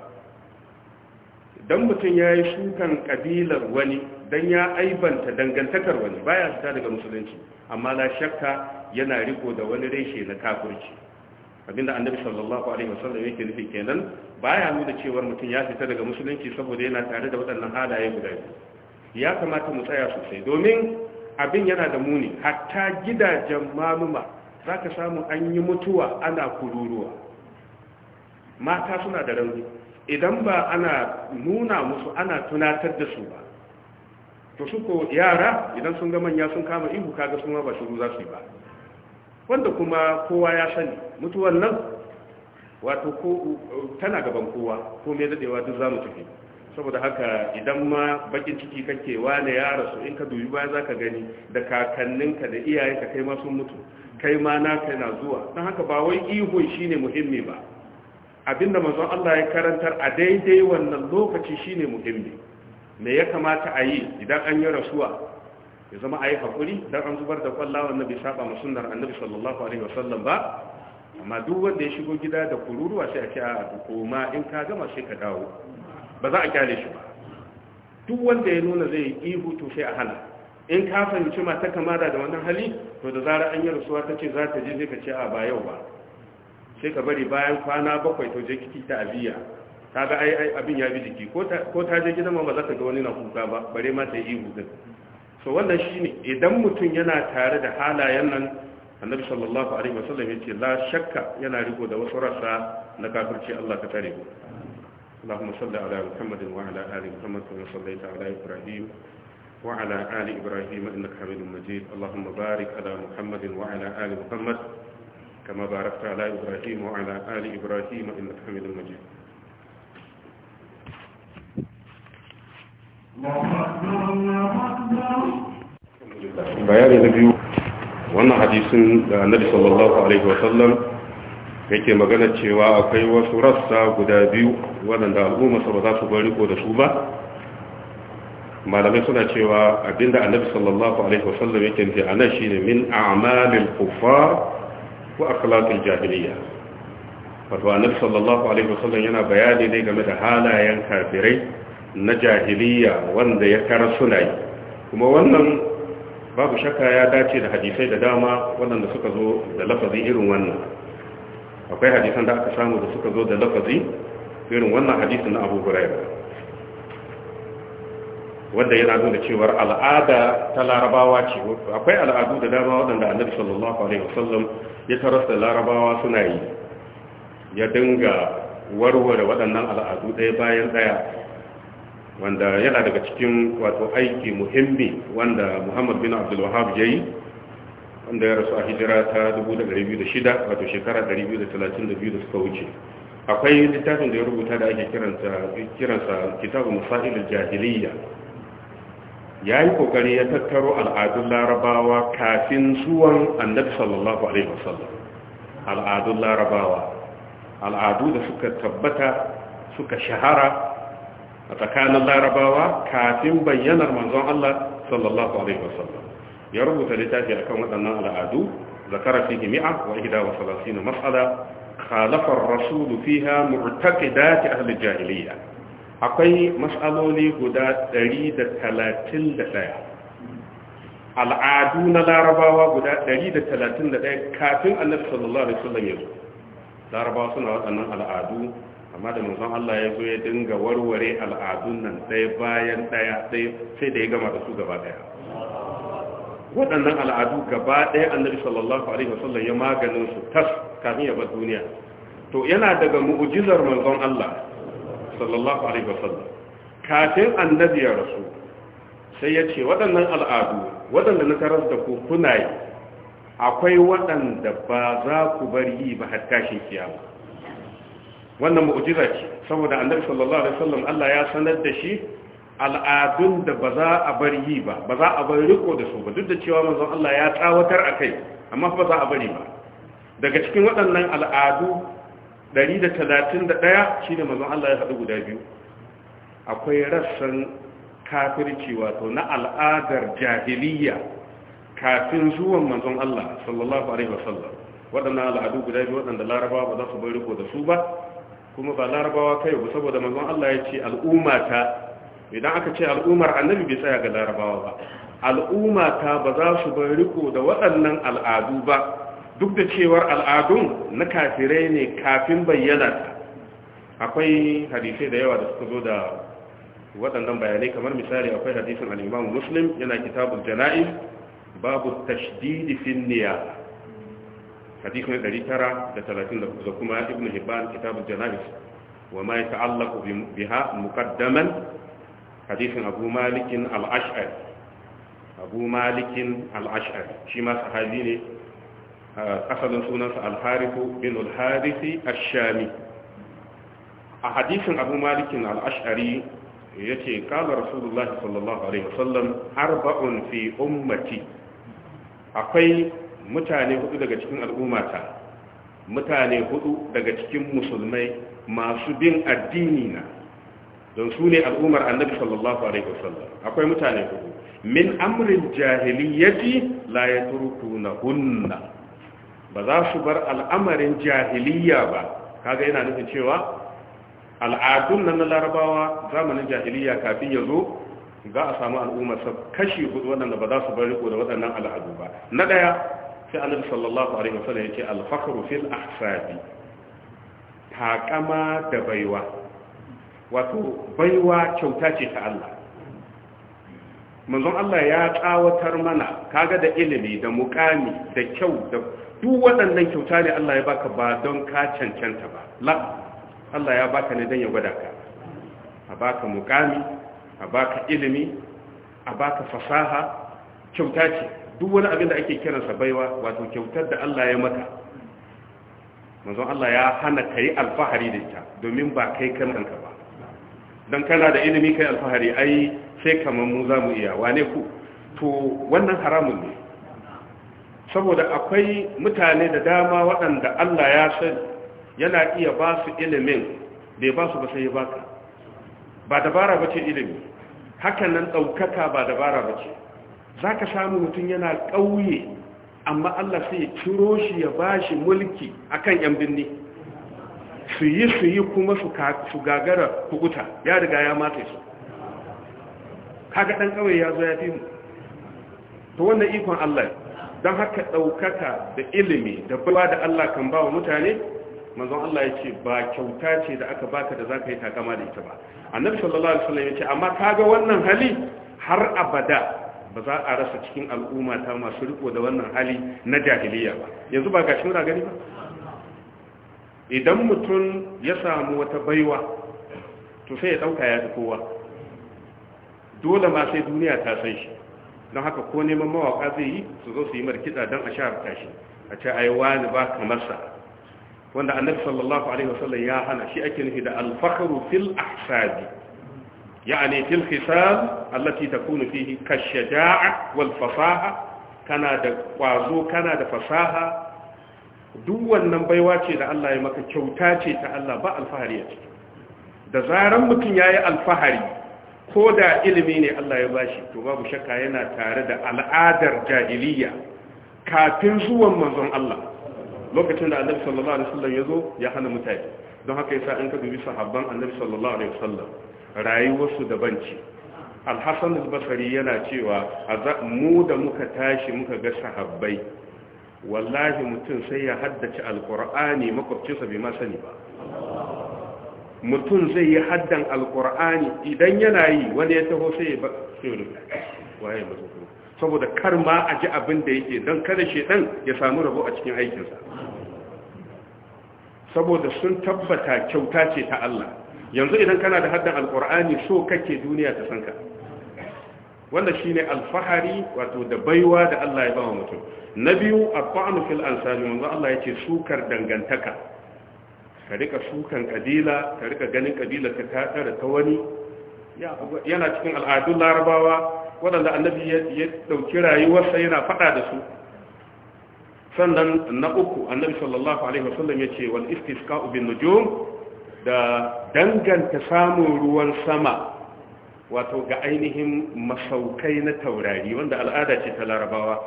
don mutum ya yi shukan kabilar wani don ya aibanta dangantakar wani baya fita daga musulunci amma la shakka yana riko da wani reshe na kafirci abinda annabi sallallahu alaihi wasallam yake nufi kenan baya nuna cewar mutum ya fita daga musulunci saboda yana tare da waɗannan halaye guda biyu. ya kamata mu tsaya sosai domin abin yana da muni hatta gidajen maluma zaka samu an yi mutuwa ana kururuwa mata suna da rauni idan ba ana nuna musu ana tunatar da su ba to su ko yara idan sun ga manya sun kama ihu kaga sun ba shiru za su yi ba wanda kuma kowa ya sani mutuwar nan wato ko tana gaban kowa ko me dadewa duk zamu tafi saboda haka idan ma bakin ciki kake ne ya rasu in ka dubi baya ka gani da kakanninka da ka kai ma sun mutu kai ma na kai na zuwa don haka ba wai shi shine muhimmi ba abinda manzon Allah ya karantar a daidai wannan lokaci shine muhimmi me ya kamata a yi idan an yi rasuwa ya zama a yi haƙuri don an zubar da kwallawa na bai saba ma sunnar annabi sallallahu alaihi wasallam ba amma duk wanda ya shigo gida da kururuwa sai a ce a koma in ka gama sai ka dawo ba za a kyale shi ba duk wanda ya nuna zai yi ihu to sai a hana in ka fahimci mata kamada da wannan hali to da zarar an yi rasuwa ta ce za ta je sai ka ce a ba yau ba sai ka bari bayan kwana bakwai to kiki ta abiya ta ga ai ai abin ya bi jiki ko ta je gidan ma ba za ga wani na kuka ba bare ma ta yi ihu so wannan shine idan mutum yana tare da halayen nan annabi sallallahu alaihi wasallam ce la shakka yana riko da wasu rasa na kafirci Allah ka tare mu اللهم صل على محمد وعلى آل محمد كما صليت على إبراهيم وعلى آل إبراهيم إنك حميد مجيد اللهم بارك على محمد وعلى آل محمد كما باركت على إبراهيم وعلى آل إبراهيم إنك حميد مجيد bayani na biyu wannan hadisin da annabi sallallahu alaihi wa wasallam yake magana cewa akwai wasu rassa guda biyu waɗanda al'umma ba za su bari ko da su ba malamai suna cewa abinda annabi sallallahu alaihi wa wasallam yake nufi a nan shine min a'malil kuffar wa akhlaqul jahiliya wato annabi sallallahu alaihi wasallam yana bayani ne game da halayen kafirai na jahiliya wanda ya tara suna yi kuma wannan babu shakka ya dace da hadisai da dama wannan da suka zo da lafazi irin wannan akwai hadisan da aka samu da suka zo da lafazi irin wannan hadisin na abu huraira wanda yana nuna cewar al'ada ta larabawa ce akwai al'adu da dama waɗanda annabi sallallahu alaihi wasallam ya tarasta larabawa suna yi ya dinga warware waɗannan al'adu ɗaya bayan ɗaya wanda yana daga cikin wato aiki muhimmi wanda muhammad bin abdulwahab ya yi wanda ya rasu a hijira ta 2006 wato shekara 232 da suka wuce akwai littafin da ya rubuta da ake kiransa kitabu masailul jahiliya ya yi kokari ya tattaro al'adun larabawa kafin zuwan annabi sallallahu alaihi wasallam al'adun larabawa al'adu da suka tabbata suka shahara a tsakanin larabawa kafin bayyanar manzon Allah sallallahu alaihi wasallam ya rubuta littafi akan waɗannan al'adu zakara fihi mi'a wa ihda wa salasin mas'ala khalafa ar-rasul fiha mu'taqidati ahli jahiliyya akwai mas'aloli guda 131 al'adu na larabawa guda 131 kafin annabi sallallahu alaihi wasallam ya zo larabawa suna waɗannan al'adu amma da manzon Allah ya zo ya dinga warware al'adun nan sai bayan ɗaya sai, sai da ya gama da su gaba ɗaya waɗannan al'adu gaba ɗaya annabi sallallahu alaihi wasallam ya maganin su tas kafin ya bar duniya to yana daga mu'jizar manzon Allah sallallahu alaihi wasallam kafin annabi ya rasu sai ya ce waɗannan al'adu waɗanda na tarar da ku kuna yi akwai waɗanda ba za ku bari yi ba har tashin kiyama wannan mu'jiza ce saboda annabi sallallahu alaihi wasallam Allah ya sanar da shi al'adun da ba za a bari yi ba ba za a bari riko da su ba duk da cewa manzon Allah ya tsawatar akai amma ba za a bari ba daga cikin waɗannan al'adu 131 shine manzon Allah ya haɗu guda biyu akwai rassan kafirci wato na al'adar jahiliya kafin zuwan manzon Allah sallallahu alaihi wasallam waɗannan al'adu guda biyu waɗanda larabawa ba za su bai riko da su ba kuma ba larabawa kai ba saboda manzon Allah ya ce al'umma ta idan aka ce al'ummar annabi bai tsaya ga larabawa ba al'umma ta ba za su bai riko da waɗannan al'adu ba duk da cewar al'adun na kafirai ne kafin bayyana akwai hadisai da yawa da suka zo da waɗannan bayanai kamar misali akwai hadisin al'imam muslim yana kitabun jana'i babu tashdidi fin niyya hadisin 930 da kuma ibn hibban kitabun jana'i wa ma yata'allaqu biha muqaddaman hadisin abu malikin al-ash'ari abu malikin al-ash'ari shi ma sahabi ne asalin sunansa alharifu bin alharisi ashami a hadisin abu malikin al'ashari ya ce kala rasulullahi sallallahu alaihi wasallam arba'un fi ummati akwai mutane hudu daga cikin al'ummata mutane hudu daga cikin musulmai masu bin addini na don su ne al'ummar annabi sallallahu alaihi wasallam akwai mutane hudu min amrin jahiliyyati la yatrukuna hunna ba za su bar al'amarin jahiliya ba kaga yana nufin cewa al'adun nan na larabawa zamanin jahiliya kafin ya zo za a samu al'ummar kashi hudu waɗanda ba za su bar riko da waɗannan al'adu ba na ɗaya sai annabi sallallahu alaihi wasallam yake al-fakhru fil ahsabi taqama da baiwa wato baiwa kyauta ce ta Allah manzon Allah ya tsawatar mana kaga da ilimi da mukami da kyau da duk waɗannan kyauta ne Allah ya baka ba don ka cancanta ba la Allah ya baka ne don ya gwada ka a baka mukami a baka ilimi a baka fasaha kyauta ce duk wani abin da ake kiransa baiwa wato kyautar da Allah ya maka manzon Allah ya hana kai alfahari da ita domin ba kai kanka ba don kana da ilimi kai alfahari ai sai kamar mu za mu iya wane ku to wannan haramun ne saboda akwai mutane da dama waɗanda Allah ya san yana iya ba su ilimin bai ba su ba sai ya ba ka ba dabara ba ce ilimi hakan nan ɗaukaka ba dabara ba ce za ka samu mutum yana ƙauye amma Allah sai ya ciro shi ya ba shi mulki akan 'yan binni su yi su yi kuma su gagara kukuta ya riga ya mata su kaga ɗan kawai ya zo ya fi mu to wannan ikon Allah don haka ɗaukaka da ilimi da bawa da Allah kan ba wa mutane manzon Allah ya ce ba kyauta ce da aka baka da za ka yi takama da ita ba annabi sallallahu alaihi wasallam ya ce amma kaga wannan hali har abada ba za a rasa cikin al'umma ta masu riko da wannan hali na jahiliya ba yanzu ba gashi muna gani ba idan mutum ya samu wata baiwa to sai ya ɗauka ya fi kowa dole ma sai duniya ta san shi don haka ko neman mawaka zai yi su zo su yi markita don a shaharta shi a ce yi wani ba kamar sa wanda annabi sallallahu alaihi wasallam ya hana shi ake nufi da al-fakhru fil ahsabi yani fil hisab allati takunu fihi kashaja'a wal fasaha kana da kwazo kana da fasaha duk wannan baiwa ce da Allah ya maka kyauta ce ta Allah ba alfahari ya da zaran mutum ya yi alfahari ko da ilimi ne Allah ya bashi to babu shakka yana tare da al'adar jahiliya kafin zuwan manzon Allah lokacin da annabi sallallahu alaihi wasallam ya zo ya hana mutane don haka yasa in ka dubi sahabban annabi sallallahu alaihi wasallam rayuwarsu daban ce al-hasan al-basri yana cewa mu da muka tashi muka ga sahabbai wallahi mutum sai ya haddace alkur'ani makwabcinsa bai ma sani ba mutum zai yi haddan alkur'ani idan yana yi wani ya taho sai ya ba sai waye mazo saboda kar ma a ji abin da yake don kada shedan ya samu rabo a cikin aikinsa saboda sun tabbata kyauta ce ta Allah yanzu idan kana da haddan alkur'ani so kake duniya ta sanka wanda shine alfahari wato da baiwa da Allah ya ba mutum na biyu a ba'anu fil ansari manzo Allah ya ce sukar dangantaka ka rika sukan ƙabila, ka rika ganin ƙabila ka ta tsara ta wani yana cikin al'adun larabawa waɗanda annabi ya ɗauki rayuwarsa yana faɗa da su sannan na uku annabi sallallahu alaihi wasallam ya ce wal istisqa'u bin nujum da danganta samun ruwan sama wato ga ainihin masaukai na taurari wanda al'ada ce ta larabawa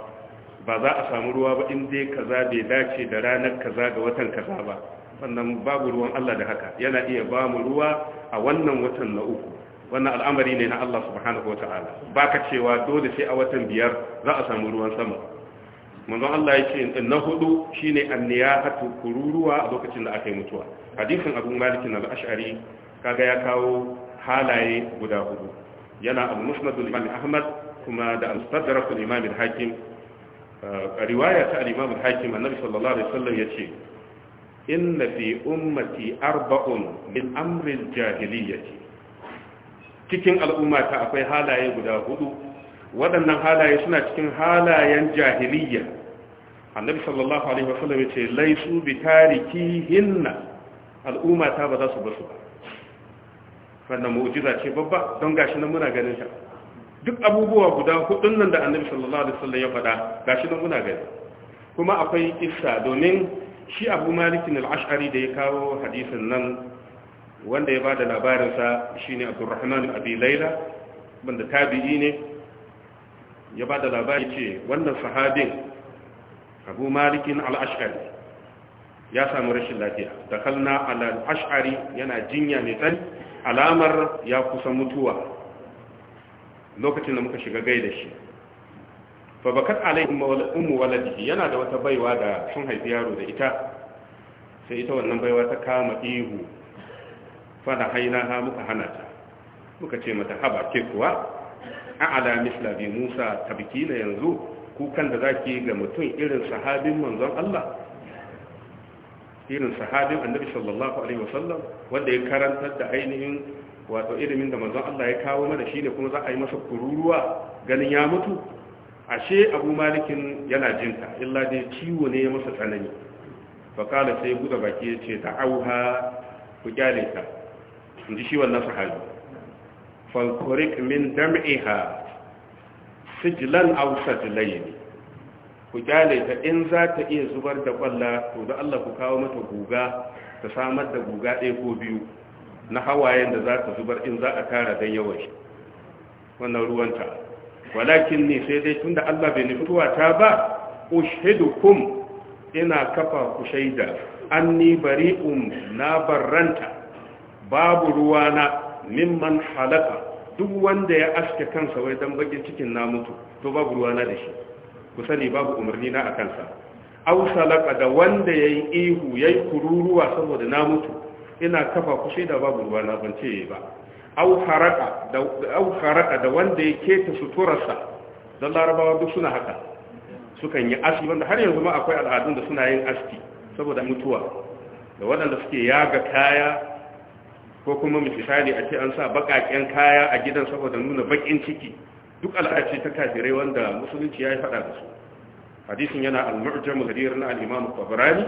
ba za a samu ruwa ba in dai kaza bai dace da ranar kaza ga watan kaza ba wannan babu ruwan Allah da haka yana iya ba mu ruwa a wannan watan na uku wannan al'amari ne na Allah subhanahu Ba baka cewa dole sai a watan biyar za a samu ruwan sama manzon Allah ya ce na hudu shine anniyahatu kururuwa a lokacin da aka yi mutuwa hadisin Abu Malik al-Ash'ari kaga ya kawo halaye guda hudu yana abu musnad imam Ahmad kuma da al-Mustadrak al-Imam al-Hakim a riwaya ta al-imam al-hakim annabi sallallahu alaihi wasallam yace inna fi ummati arba'un min amri al-jahiliyyati cikin al'ummata akwai halaye guda hudu waɗannan halaye suna cikin halayen jahiliyya annabi sallallahu alaihi wasallam yace laisu bi tarikihinna al'umma ta ba za su basu ba wannan mu'jiza ce babba don gashi nan muna ganin ta duk abubuwa guda hudun nan da annabi sallallahu alaihi wasallam ya faɗa gashi nan muna gani kuma akwai kissa domin shi abu malik al-ash'ari da ya kawo hadisin nan wanda ya bada labarin sa shine abdurrahman abi laila banda tabi'i ne ya bada labari ce wannan sahabin abu malik al-ash'ari ya samu rashin lafiya da kalna al-ash'ari yana jinya mai tsari alamar ya kusa mutuwa lokacin da muka shiga gai da shi fa bakat alai ummu waladihi yana da wata baiwa da sun haifi yaro da ita sai ita wannan baiwa ta kama ihu fa da haina ha muka hana ta muka ce mata haba ke kuwa a ala misla bi musa tabki yanzu kukan da zaki ga mutum irin sahabin manzon Allah irin sahabin annabi sallallahu alaihi wasallam wanda ya karantar da ainihin wato ilimin da manzon Allah ya kawo mana shine kuma za a yi masa kururuwa ganin ya mutu ashe Abu Malikin yana jinta illa dai ciwo ne ya masa tsanani fa kala sai buɗe baki ya ce ta'auha ku kyale ta in ji shi wannan sahabi kurik min dam'iha sijlan aw sajlayni ku kyale ta in za ta iya zubar da kwalla to da Allah ku kawo mata guga ta samar da guga ɗaya ko biyu na hawayen da za ta zubar in za a tara don yawan shi wannan ruwanta walakin ne sai dai tunda Allah bai nufi ta ba kum ina kafa ku shaida anni um na barranta babu ruwana mimman halaka duk wanda ya aske kansa wai dan bakin cikin na mutu to babu ruwa na da shi ku sani babu umarni na a kansa aw salaka da wanda yayi ihu yayi kururuwa saboda na mutu ina kafa ku shaida babu ruwa na ban ce ba Au haraka da wanda ya keta suturarsa dan larabawa duk suna haka sukan yi aski wanda har yanzu ma akwai al'adun da suna yin aski saboda mutuwa da waɗanda suke yaga kaya ko kuma misali a ce an sa baƙaƙen kaya a gidan saboda nuna baƙin ciki duk al'ada ta kafirai wanda musulunci ya yi faɗa da su hadisin yana al-mu'jam al-ghadir na al-imam tabarani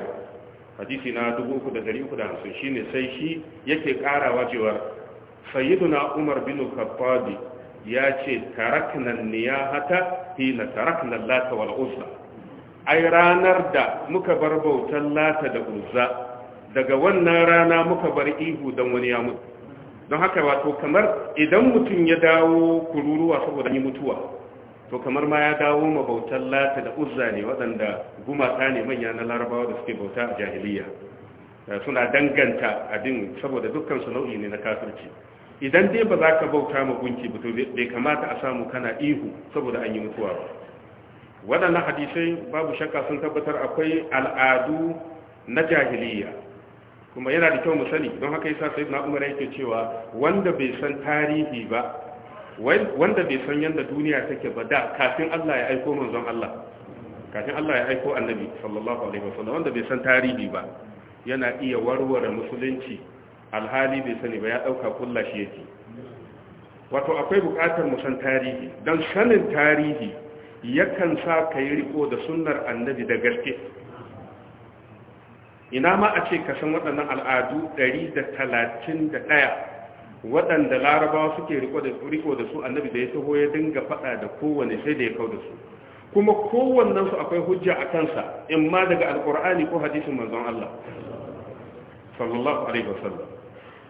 hadisi na 3350 shine sai shi yake karawa cewa sayyiduna umar bin al-khattab ya ce tarakna niyahata hina tarakna lata wal uzza ai ranar da muka bar bautan lata da uzza daga wannan rana muka bar ihu dan wani ya mutu don haka wato kamar idan mutum ya dawo kururuwa saboda yi mutuwa to kamar ma ya dawo mabautan lata da uzza ne waɗanda gumata ne manya na larabawa da suke bauta a jahiliya eh, suna danganta abin saboda dukkan su nau'i ne na kafirci idan dai ba za ka bauta ma gunki ba to bai kamata a samu kana ihu saboda an yi mutuwa ba waɗannan hadisai babu shakka sun tabbatar akwai al'adu na jahiliya kuma yana da kyau mu sani don haka yasa sai na umar yake cewa wanda bai san tarihi ba wanda bai san yanda duniya take ba da kafin Allah ya aiko manzon Allah kafin Allah ya aiko annabi sallallahu alaihi wasallam wanda bai san tarihi ba yana iya warware musulunci alhali bai sani ba ya dauka kullashi yake wato akwai bukatar mu san tarihi don sanin tarihi yakan sa yi riko da sunnar annabi da gaske ina ma a ce kashin waɗannan al'adu 131 waɗanda larabawa suke riko da su annabi da ya taho ya dinga faɗa da kowane sai da ya kau da su kuma su akwai hujja a kansa in ma daga alƙur'ani ko hadisin manzon Allah sallallahu alaihi wasallam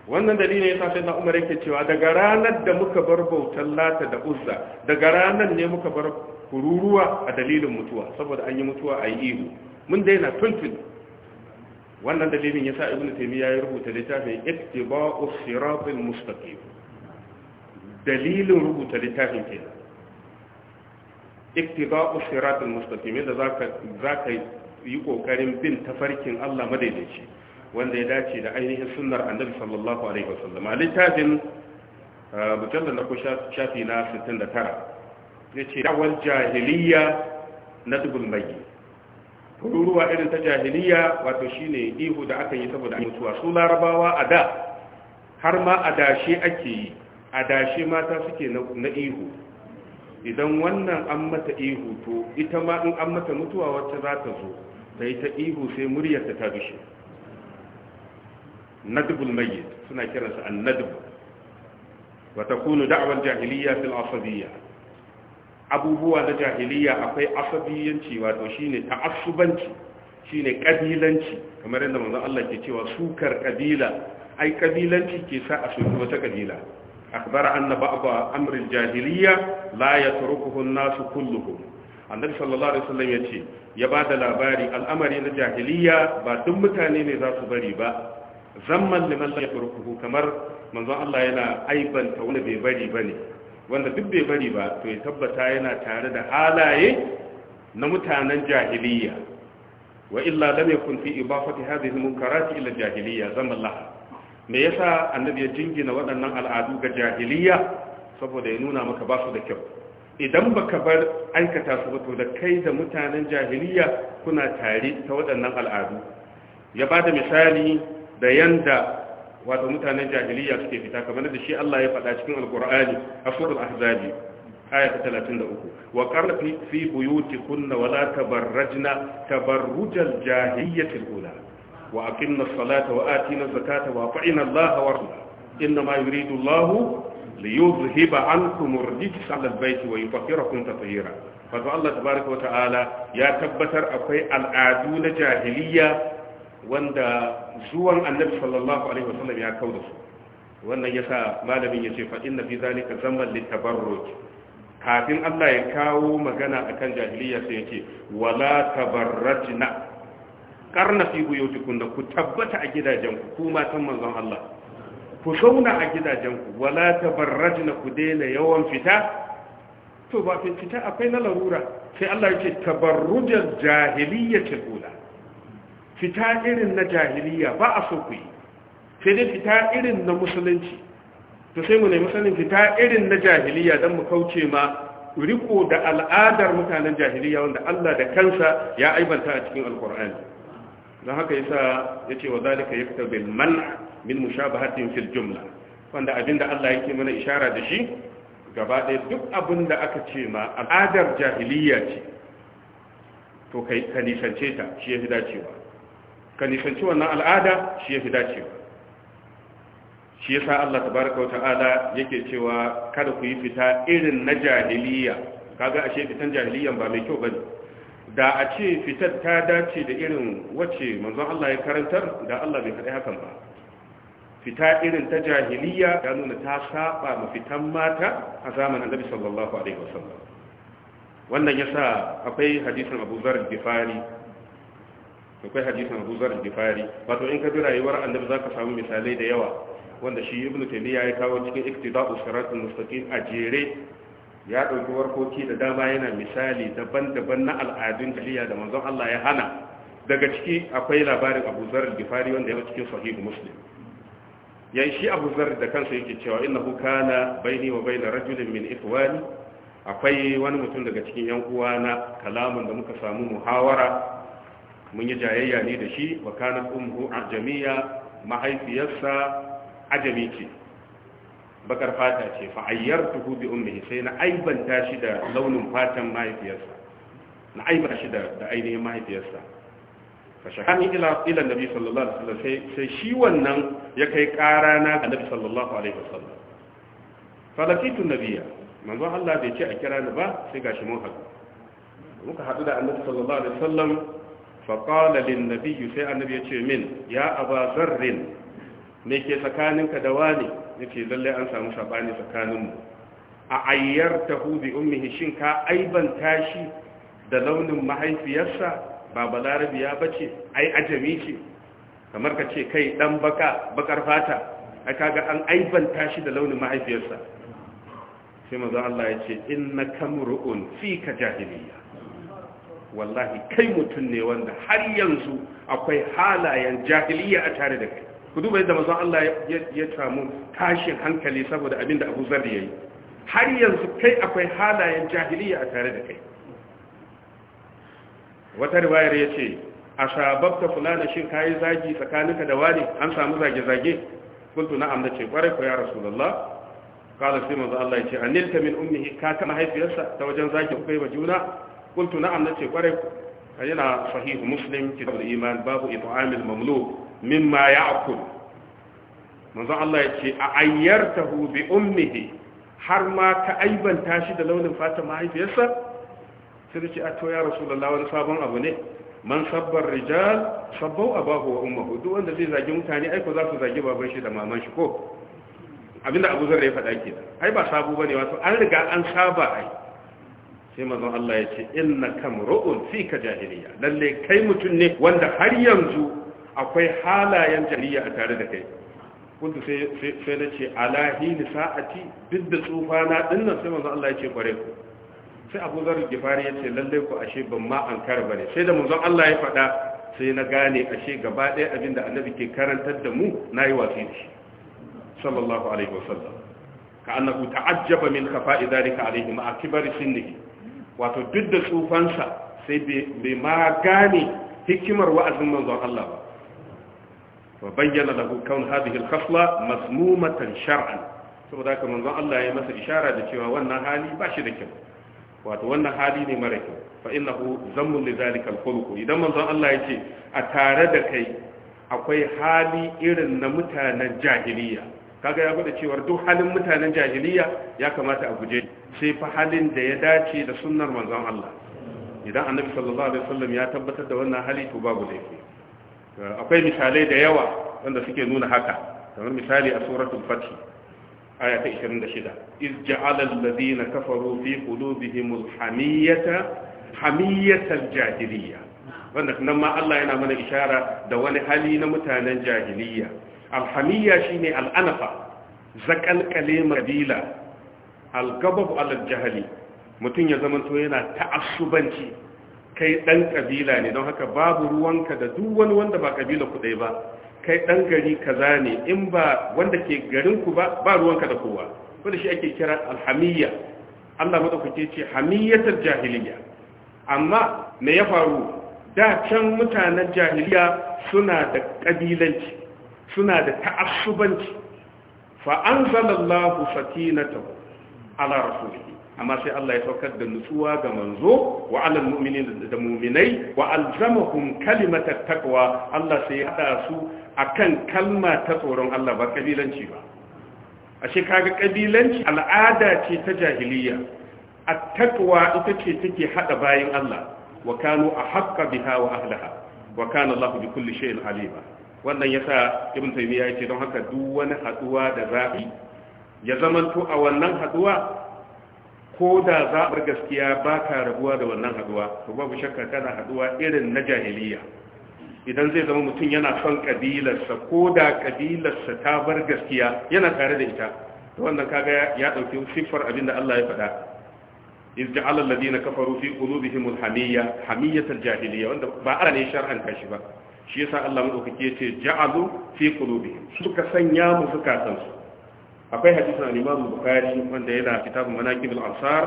wannan dalilin yasa sai na Umar yake cewa daga ranar da muka bar bautar Lata da Uzza daga ranar ne muka bar kururuwa a dalilin mutuwa saboda an yi mutuwa a yi ihu mun daina tuntuni wannan dalilin ya sa ibnu taymiya ya rubuta littafin ittiba'u siratil mustaqim dalilin rubuta littafin kenan ittiba'u siratil mustaqim yadda zaka zaka yi kokarin bin tafarkin Allah madaidaici wanda ya dace da ainihin sunnar annabi sallallahu alaihi wasallam littafin mujallal na ko shafi na 69 yace dawal jahiliya nadbul mayyit kururuwa irin ta jahiliya wato shine ihu da aka yi saboda mutuwa su larabawa a da har ma a dashe ake yi a dashe mata suke na ihu idan wannan an mata ihu to ita ma in an mata mutuwa wacce za ta zo da ita ihu sai muryarta ta dushe nadbul mayyit suna kiransa annadb wa takunu da'wal jahiliya fil asabiyya abubuwa na jahiliya akwai asabiyanci wato shine ta'assubanci shine kabilanci kamar yadda manzon Allah ke cewa sukar kabila ai kabilanci ke sa a soki wata kabila akbar anna ba'da amr al-jahiliya la yatrukuhu an-nas kulluhum annabi sallallahu alaihi wasallam yace ya bada labari al'amari na jahiliya ba duk mutane ne za su bari ba zamman liman la yatrukuhu kamar manzon Allah yana aibanta wanda bai bari bane wanda duk bai bari ba to ya tabbata yana tare da halaye na mutanen jahiliya wa illa lam yakun fi ibafati hadhihi munkarati ila jahiliya zaman laha me yasa annabi ya jingina waɗannan al'adu ga jahiliya saboda ya nuna maka ba su da kyau idan baka bar aikata su ba to da kai da mutanen jahiliya kuna tare ta waɗannan al'adu ya ba da misali da yanda wato mutanen jahiliya suke fita kamar da shi Allah ya faɗa cikin alkur'ani a surul ahzabi aya ta 33 wa qarfi fi buyutikunna wa la tabarrajna tabarrujal jahiliyatil ula wa aqimna as-salata wa atina az-zakata wa atina Allah wa rasul innama yuridu Allah liyuzhiba ankum ar al-bayt wa yutahhirakum tatheera wato Allah tabaaraka wa ta'ala ya tabbatar akwai al'adu na jahiliya wanda zuwan annabi sallallahu alaihi wasallam ya kauda su wannan yasa malamin yace fa inna fi zalika zaman litabarruj kafin Allah ya kawo magana akan jahiliya sai yake wala tabarrajna karna fi buyutikum da ku tabbata a gidajenku ku matan manzon Allah ku zauna a gidajenku wala tabarrajna ku daina yawan fita to ba fita akwai na larura sai Allah yake tabarrujal jahiliyatul ula fita irin na jahiliya ba a so ku yi sai dai fita irin na musulunci to sai mu ne sanin fita irin na jahiliya don mu kauce ma riko da al'adar mutanen jahiliya wanda Allah da kansa ya aibanta a cikin alkur'ani don haka yasa ya ce wa zalika yakta bil man'a min mushabahatin fil jumla wanda abinda Allah yake mana ishara da shi gaba ɗaya duk abin da aka ce ma al'adar jahiliya ce to ka nisance ta shi ya fi dacewa ka nisanci wannan al'ada shi ya fi dacewa shi ya sa Allah tabaraka wa ta'ala yake cewa kada ku yi fita irin na jahiliya kaga ashe fitan jahiliyan ba mai kyau bane da a ce fitar ta dace da irin wacce manzon Allah ya karantar da Allah bai faɗi hakan ba fita irin ta jahiliya ya nuna ta saba ma fitan mata a zamanin Annabi sallallahu alaihi wasallam wannan yasa akwai hadisin Abu Zar Ghifari akwai hadisin Abu Zar al wato in ka bi rayuwar annabi zaka samu misalai da yawa wanda shi Ibn Taymiyyah ya kawo cikin Iqtida'u siratul Mustaqim a jere ya dauki warkoki da dama yana misali daban-daban na al'adun jahiliya da manzon Allah ya hana daga ciki akwai labarin Abu Zar al wanda ya cikin Sahih Muslim yayin shi Abu Zar da kansa yake cewa innahu kana baini wa baina rajulin min ikhwani akwai wani mutum daga cikin yan uwana kalamun da muka samu muhawara mun yi jayayya ne da shi wa kanat ummuhu ajamiya mahaifiyarsa ajami ce bakar fata ce fa ayyartuhu bi ummihi sai na aibanta shi da launin fatan mahaifiyarsa na aibanta shi da ainihin mahaifiyarsa fa shahani ila ila nabi sallallahu alaihi wasallam sai sai shi wannan ya kai ƙara na ga nabi sallallahu alaihi wasallam fa lakitu nabiyya manzo Allah bai ce a kira ni ba sai gashi mun haɗu muka haɗu da annabi sallallahu alaihi wasallam faƙala lin nabi sai annabi ya ce min ya aba zarrin me ke tsakaninka da wani ya ce lalle an samu saɓani tsakaninmu a ayyar ta hudu, ummihi shin ka aiban tashi da launin mahaifiyarsa ba Larabi ya bace, ai ajami ce kamar ka ce kai ɗan baka bakar fata a kaga an aiban tashi da launin mahaifiyarsa sai maza Allah ya ce na kamuru'un fi ka jahiliya wallahi kai mutum ne wanda har yanzu akwai halayen jahiliya a tare da kai ku duba yadda mazan Allah ya samu tashin hankali saboda abin da abu zar ya yi har yanzu kai akwai halayen jahiliya a tare da kai wata riwayar ya ce a shababta fulana shi kayi zagi tsakaninka da wani an samu zage-zage kuntu na da ce kwarai ko ya lalla. kala sai manzo Allah ya ce anilta min ummihi ka ta mahaifiyarsa ta wajen zagi kai wa juna kuntu na'am nace kwarai yana sahih muslim kitabul iman babu it'amil mamluk mimma ya'kul manzon Allah yace a ayyartahu bi ummihi har ma ka aibanta shi da launin fatan mahaifiyarsa sai ce a to ya rasulullah wani sabon abu ne man sabbar rijal sabbau abahu wa ummuhu duk wanda zai zagi mutane ai za su zagi baban shi da maman shi ko abinda Abu Zar ya faɗa ba sabo bane wato an riga an saba sai mazan Allah ya ce inna kam ru'un fi ka jahiliya lalle kai mutum ne wanda har yanzu akwai halayen jahiliya a tare da kai kuntu sai na ce alahi ni sa'ati duk da tsufa na dinnan sai mazan Allah ya ce kware ku sai abu zar gifari ya ce lalle ku ashe ban ma an kar ne sai da mazan Allah ya faɗa sai na gane ashe gaba ɗaya abin da annabi ke karantar da mu na yi watsi da shi sallallahu alaihi wasallam ka annahu ta'ajjaba min khafa'i dhalika alaihi ma'a kibari sinnihi wato duk da tsufansa sai bai ma gane hikimar wa'azin manzon Allah ba Ba bayyana lahu kaun hadhihi al masmumatan shar'an saboda haka manzon Allah ya masa ishara da cewa wannan hali ba shi da kyau wato wannan hali ne mara kyau fa innahu zammun li zalika al idan manzon Allah ya ce a tare da kai akwai hali irin na mutanen jahiliya kaga ya gwada cewa duk halin mutanen jahiliya ya kamata a guje sai fa halin da ya dace da sunnar manzon Allah idan annabi sallallahu alaihi wasallam ya tabbatar da wannan hali to babu laifi akwai misalai da yawa wanda suke nuna haka kamar misali a suratul fath aya ta 26 iz ja'ala alladhina kafaru fi qulubihimul hamiyata hamiyatal jahiliyya wanda nan ma Allah yana mana ishara da wani hali na mutanen jahiliyya alhamiyya shine al'anafa zakalkale madila al-ghadab mutum ya zama to yana ta'assubanci kai dan kabila ne don haka babu ruwanka da duk wani wanda ba kabila ku dai ba kai dan gari kaza ne in ba wanda ke garin ku ba ba ruwanka da kowa wanda shi ake kira alhamiyya Allah madaukake ce hamiyatul jahiliya amma me ya faru da can mutanen jahiliya suna da kabilanci suna da ta'assubanci fa anzalallahu sakinatahu ala rasulihi amma sai Allah ya saukar da nutsuwa ga manzo wa alal mu'minin da mu'minai wa alzamahum kalimata taqwa Allah sai ya hada su akan kalma ta tsoron Allah ba kabilanci ba ashe kaga kabilanci al'ada ce ta jahiliya at-taqwa ita ce take hada bayin Allah wa kanu ahqqa biha wa ahliha wa kana Allah bi kulli shay'in alima wannan yasa ibn taymiya yace don haka duk wani haduwa da zabi ya zamanto a wannan haduwa ko da zaɓar gaskiya ba ka rabuwa da wannan haduwa to babu shakka tana haduwa irin na jahiliya idan zai zama mutum yana son kabilarsa ko da kabilarsa ta bar gaskiya yana tare da ita Ta wannan kaga ya ɗauki siffar abin da Allah ya faɗa iz ja'ala alladhina kafaru fi qulubihim alhamiyya hamiyyat aljahiliyya wanda ba ara ne shar'an kashi ba shi yasa Allah madaukake yace ja'alu fi qulubihim suka sanya mu suka san su akwai hadisin al-Imam Bukhari wanda yana kitabun Manaqib al-Ansar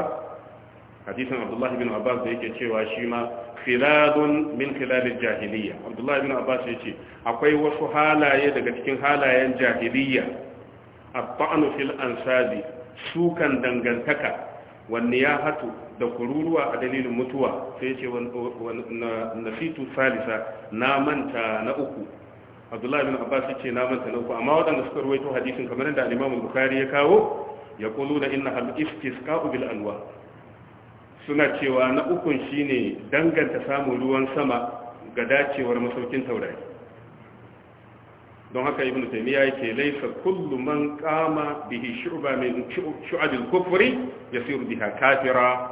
hadisin Abdullah ibn Abbas da yake cewa shi ma min khilal jahiliya abdullahi ibn Abbas ce akwai wasu halaye daga cikin halayen jahiliyya at fil ansabi sukan dangantaka wanne ya hatu da kururuwa a dalilin mutuwa sai ce nasitu salisa na manta na uku abdullahi bin abbas yace na manta na uku amma waɗanda suka ruwaito hadisin kamar da al-imam bukhari ya kawo ya qulu na inna hal istisqa'u bil anwa suna cewa na ukun shine danganta samun ruwan sama ga dacewar masaukin taurari don haka ibn taymiya yake laysa kullu man qama bihi shu'ba min shu'ab al-kufri yasiru biha kafira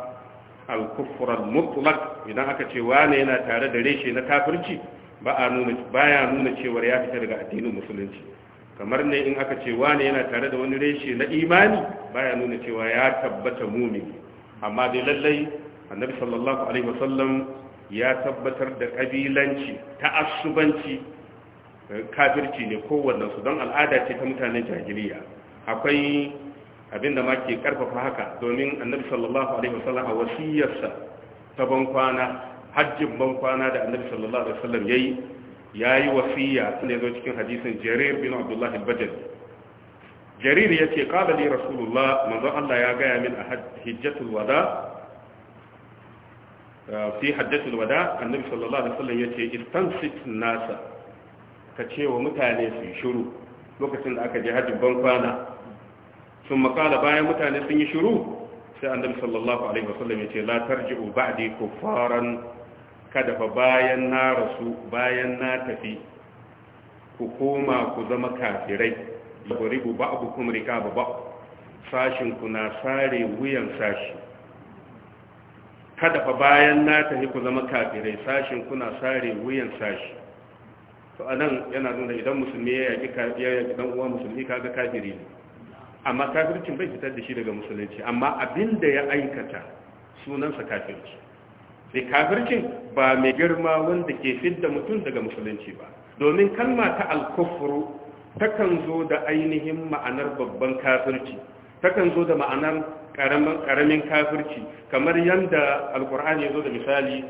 al-kufr al-mutlaq idan aka ce wane yana tare da reshe na kafirci ba a nuna baya nuna cewar ya fita daga addinin musulunci kamar ne in aka ce wani yana tare da wani reshe na imani baya nuna cewa ya tabbata mumini amma dai lallai annabi sallallahu alaihi wasallam ya tabbatar da kabilanci ta'assubanci eh, kafirci ne wannan su don al'ada ce ta mutanen jahiliya akwai abinda ma ke karfafa haka domin annabi sallallahu alaihi wasallam a wasiyarsa ta ban kwana hajjin ban kwana da annabi sallallahu alaihi wasallam yayi yayi wasiya ne zo cikin hadisin jarir bin abdullah al-bajal jarir yace qala li rasulullah manzo Allah ya gaya min a hajjatul wada ah, fi hajjatul wada annabi sallallahu alaihi wasallam yace istansit nasa ka ce wa mutane su shiru lokacin da aka je hajjin ban kwana sun makala bayan mutane sun yi shiru sai annabi sallallahu alaihi wasallam yace la tarji'u ba'di kuffaran kada fa bayan na rasu bayan na tafi ku koma ku zama kafirai ku kuma rika ba sashin ku na sare wuyan sashi kada fa bayan na tafi ku zama kafirai sashin ku na sare wuyan sashi to anan yana nuna idan musulmi ya yaki ya dan uwa musulmi kaga kafiri ne amma kafircin bai fitar da shi daga musulunci amma abinda ya aikata sunansa kafirci mai kafircin ba mai girma wanda ke fidda mutum daga musulunci ba domin kalma ta alkufru takan zo da ainihin ma'anar babban kafirci takan zo da ma'anar karamin kafirci kamar yadda alkur'ani ya zo da misali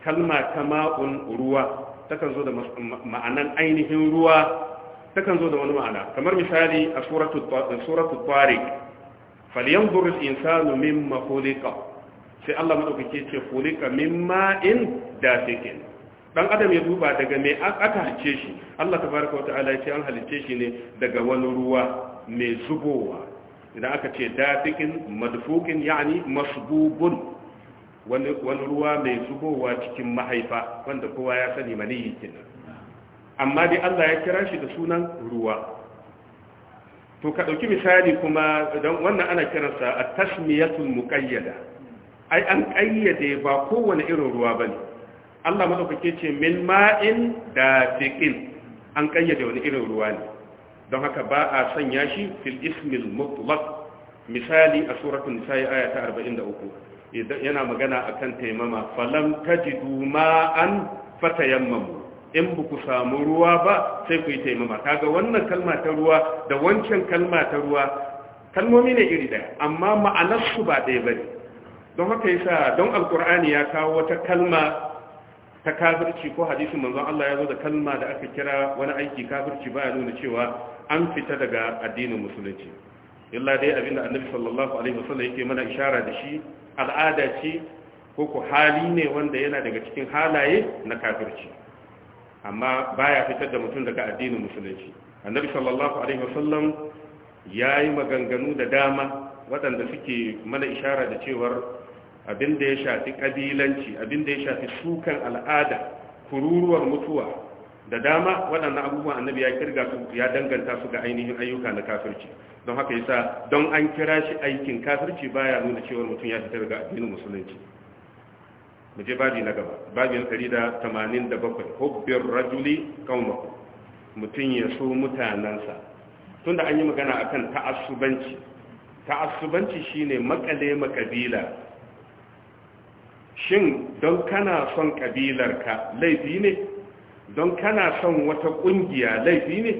kalma ta ma'un ruwa takan zo da ma'anar ainihin ruwa takan zo da wani ma'ana kamar misali a suratul tariq falyanzur al-insanu mimma khuliqa sai Allah madaukake ce kulika min ma'in dafikin dan adam ya duba daga me aka halice shi Allah tabaraka wa ta'ala ya an halice shi ne daga wani ruwa mai zubowa idan aka ce dafikin madfukin yani masbubun wani ruwa mai zubowa cikin mahaifa wanda kowa ya sani maniyi kenan amma dai Allah ya kira shi da sunan ruwa to ka dauki misali kuma dan wannan ana kiransa at-tasmiyatul muqayyada ai an ƙayyade ba kowane irin ruwa ba ne allah maɗaukake ce min ma'in da fiƙin an ƙayyade wani irin ruwa ne don haka ba a sanya shi fil ismil mutlaq misali a suratun nisa'i ayata ta 43 idan yana magana akan taimama falam tajidu ma'an fatayammamu in ba ku samu ruwa ba sai ku yi taimama kaga wannan kalma ta ruwa da wancan kalma ta ruwa kalmomi ne iri daya amma ma'anarsu ba ɗaya bane don haka yasa don alkur'ani ya kawo wata kalma ta kafirci ko hadisin manzon Allah ya zo da kalma da aka kira wani aiki kafirci ya nuna cewa an fita daga addinin musulunci illa dai abinda annabi sallallahu alaihi wasallam yake mana ishara da shi al'ada ce ko ko hali ne wanda yana daga cikin halaye na kafirci amma baya fitar da mutum daga addinin musulunci annabi sallallahu alaihi wasallam yayi maganganu da dama waɗanda suke mana ishara da cewar abin da ya shafi kabilanci abin da ya shafi sukan al'ada kururuwar mutuwa da dama waɗannan abubuwan annabi ya kirga su ya danganta su ga ainihin ayyuka na kafirci don haka yasa don an kira shi aikin kafirci baya nuna cewa mutum ya fitar ga addinin musulunci mu je babi na gaba da 187 hubbir rajuli qaumahu mutum ya so mutanansa tunda an yi magana akan ta'assubanci ta'assubanci shine makale makabila shin don kana son kabilarka laifi ne don kana son wata kungiya laifi ne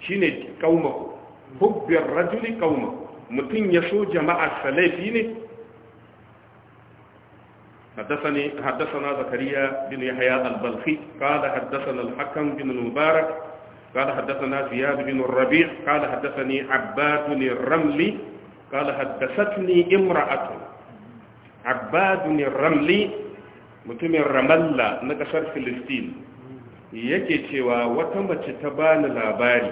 shine qaumaku hubbir rajuli qaumaku mutun ya so jama'ar sa laifi ne حدثني حدثنا زكريا بن يحيى البلخي قال حدثنا الحكم بن المبارك قال حدثنا زياد بن الربيع قال حدثني عباد بن الرملي قال حدثتني امرأة abbadun ramli mutumin ramalla na kasar filistin yake cewa wata mace ta bani labari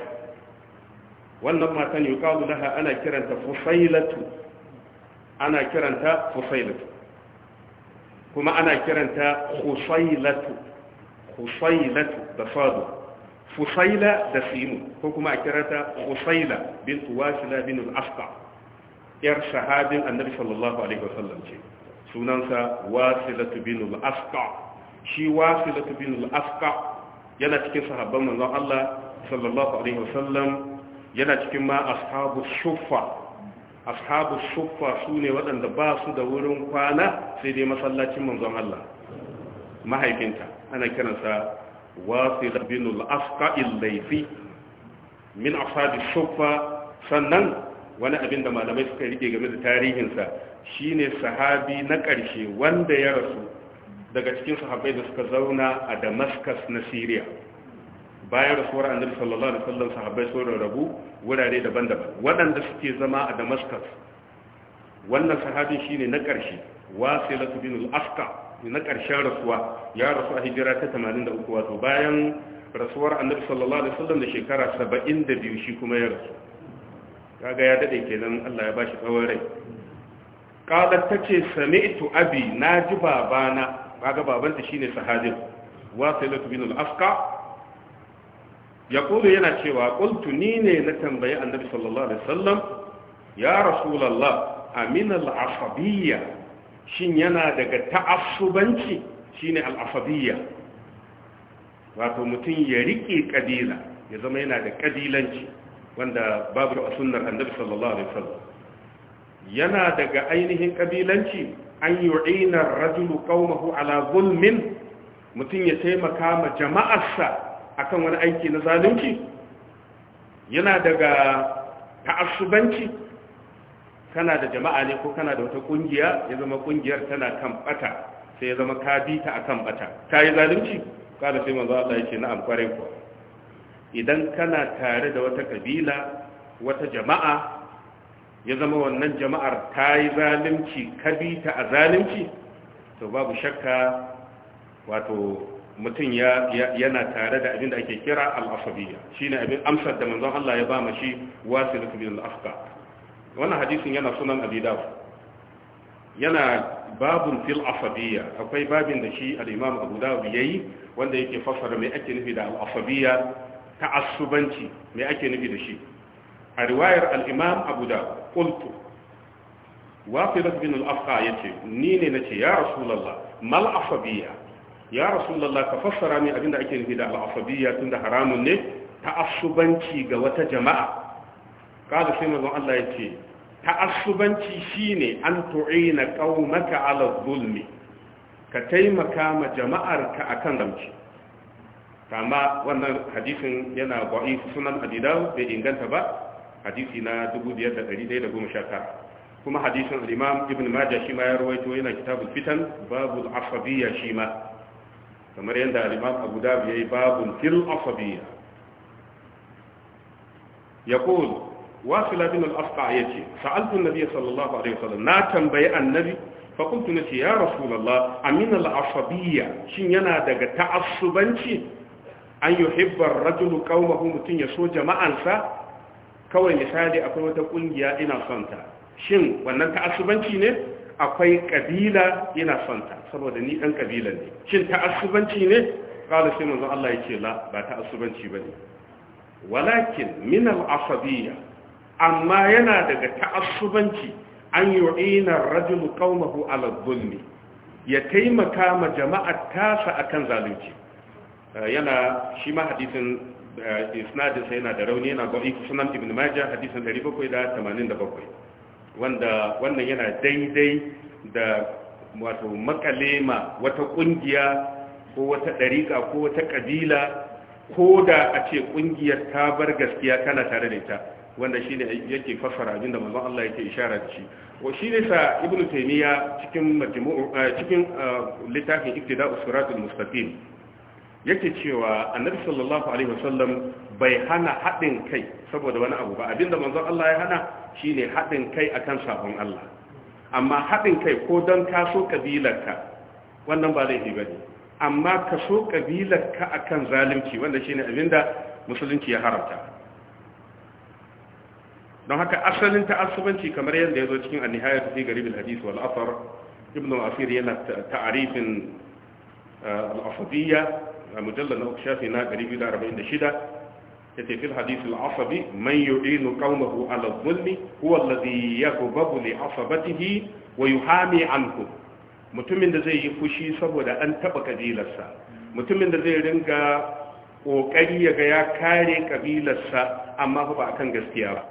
wannan matan yi kawo laha ana kiranta fusailatu ana kiranta fusailatu kuma ana kiranta husailatu husailatu da fado fusaila da sinu ko kuma a kiranta husaila bin wasila bin al'afka yar sahabin annabi sallallahu alaihi wasallam ce sunansa wasilatu bin al-asqa shi wasilatu bin al-asqa yana cikin sahabban manzon Allah sallallahu alaihi wasallam yana cikin ma ashabu shuffa ashabu shuffa sune waɗanda ba su da wurin kwana sai dai masallacin manzon Allah mahaifinta ana kiransa wasilatu bin al-asqa al-laythi min ashabi shuffa sannan wani abin da malamai suka rike game da tarihinsa shine sahabi na ƙarshe wanda ya rasu daga cikin sahabai da suka zauna a damascus na syria bayan rasuwar annabi sallallahu alaihi wasallam sahabbai sun rarrabu wurare daban-daban waɗanda suke zama a damascus wannan sahabi shine na ƙarshe wasilatu bin al-afqa na ƙarshen rasuwa ya rasu a hijira ta 83 wato bayan rasuwar annabi sallallahu alaihi wasallam da shekara 72 shi kuma ya rasu kaga ya dade kenan Allah ya bashi tsawon rai qalat tace sami'tu abi naji babana kaga babanta shine sahabin wasilatu bin al-afqa yaqulu yana cewa qultu ni ne na tambayi annabi sallallahu alaihi wasallam ya rasulullah amin al-asabiyya shin yana daga ta'assubanci shine al-asabiyya wato mutum ya rike kabila ya zama yana da kabilanci wanda babu a sunnar annabi sallallahu alaihi wasallam yana daga ainihin kabilanci an yu'ina rajulu qaumahu ala zulmin mutum ya taimaka ma jama'arsa akan wani aiki na zalunci yana daga ta'assubanci kana da jama'a ne ko kana da wata kungiya ya zama kungiyar tana kan bata sai ya zama ka bita akan bata yi zalunci kada sai manzo Allah yake na'am kware kuwa idan kana tare da wata kabila wata jama'a ya zama wannan jama'ar ta yi zalimci kabita a zalimci to babu shakka wato mutum yana tare da abin da ake kira al'asabiyya shi ne abin amsar da manzon Allah ya ba mashi wasu da kubin wannan hadisin yana sunan abidawa yana babun fil asabiyya akwai babin da shi al'imam abu dawud ya yi wanda yake fasara mai ake nufi da al'asabiyya ta'assubanci me ake nufi da shi a riwayar al-imam abu da qultu Wafin bin al'afka ya yace ni ne ce, ya rasulullah mal ya rasulullah ka fassara min abinda ake nufi da al tun da haramun ne ta'assubanci ga wata jama'a kada sai manzon Allah yace ta'assubanci shine an tu'ina qaumaka ala zulmi ka taimaka ma jama'arka akan ramci amma wannan hadisin yana ba'i sunan adidawu bai inganta ba hadisi na 5119 kuma hadisin al-imam ibn majah shi ma ya rawaito yana kitabul fitan babu asabiyya shi ma kamar yadda al-imam abu dawud yayi babul fil asabiyya yaqul wasila bin al ya ce sa'altu an-nabiy sallallahu alaihi wasallam na tambayi annabi فقلت نتي يا رسول الله أمين العصبية شين ينا دقى تعصبانشي an hibbar rajulu qaumahu mutum ya so jama'ansa kawai misali akwai wata kungiya ina son shin wannan ta'asubanci ne akwai kabila ina son saboda ni dan kabila ne shin ta'asubanci ne qala sai manzon Allah ya la ba ba ne. walakin min Asabiya amma yana daga ta'asubanci an yi ar-rajulu kawo ya taimaka ma jama'a tasa akan zalunci Eh, yana shi ma hadisin eh, isnadinsa yana da rauni yana ga iku sunan ibn majah hadisin 787 wanda wannan yana daidai da wato makalema wata kungiya ko wata dariƙa ko wata kabila ko da a ce kungiyar ta bar gaskiya kana tare da ita wanda shi ne yake fassara abin da manzon Allah yake isharar da shi wa ne sa Ibn taymiya cikin majmu'u eh, cikin littafin iktida'us siratul mustaqim yake cewa annabi sallallahu alaihi wasallam bai hana haɗin kai saboda wani abu ba abinda manzon Allah ya hana shine haɗin kai akan sabon Allah amma haɗin kai ko don ka so kabilarka wannan ba zai bane amma ka so kabilarka akan zalunci wanda shine abinda musulunci ya haramta don haka asalin ta'assubanci kamar yadda ya zo cikin annihayar fi garibin hadis wal asar ibnu asir yana ta'arifin eh, al a mujallar na shafi na 246 ya ce fil hadisul asabi man yu'inu qaumahu ala dhulmi huwa alladhi yaghbabu li asabatihi wa mutumin da zai yi fushi saboda an taba kabilarsa mutumin da zai ringa kokari ya ga ya kare kabilarsa amma ba akan gaskiya ba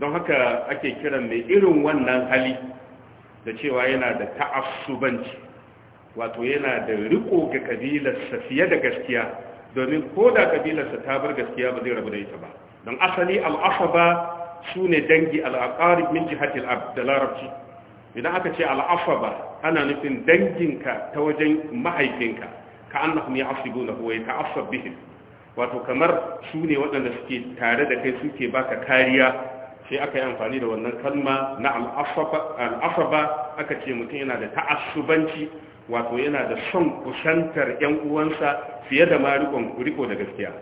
don haka ake kiran mai irin wannan hali da cewa yana da ta'assubanci wato yana da riko ga kabilarsa fiye da gaskiya domin ko da kabilarsa ta bar gaskiya ba zai rabu da ita ba don asali al'asaba su ne dangi al'aqarib min jihatil da larabci idan aka ce al'asaba ana nufin danginka ta wajen mahaifinka ka annahum ya'asibuna huwa yata'assab bihin wato kamar su ne waɗanda suke tare da kai suke baka kariya sai aka yi amfani da wannan kalma na al'asaba aka ce mutum yana da ta'asubanci. wato yana da son kusantar yan uwansa fiye da ma riko da gaskiya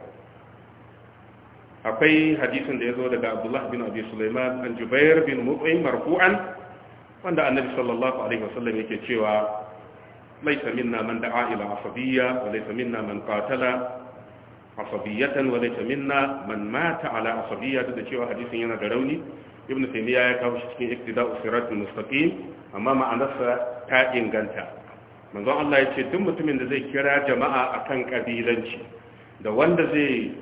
akwai hadisin da ya zo daga abdullah bin abi sulaiman an jubair bin mut'im marfu'an wanda annabi sallallahu alaihi wasallam yake cewa laysa minna man da'a ila asabiyya wa laysa minna man qatala asabiyatan wa laysa minna man mata ala asabiyya da cewa hadisin yana da rauni ibn taymiya ya kawo shi cikin iktida'u siratul mustaqim amma ma'anarsa ta inganta manzon Allah ya ce duk mutumin da zai kira jama'a akan kabilanci da wanda zai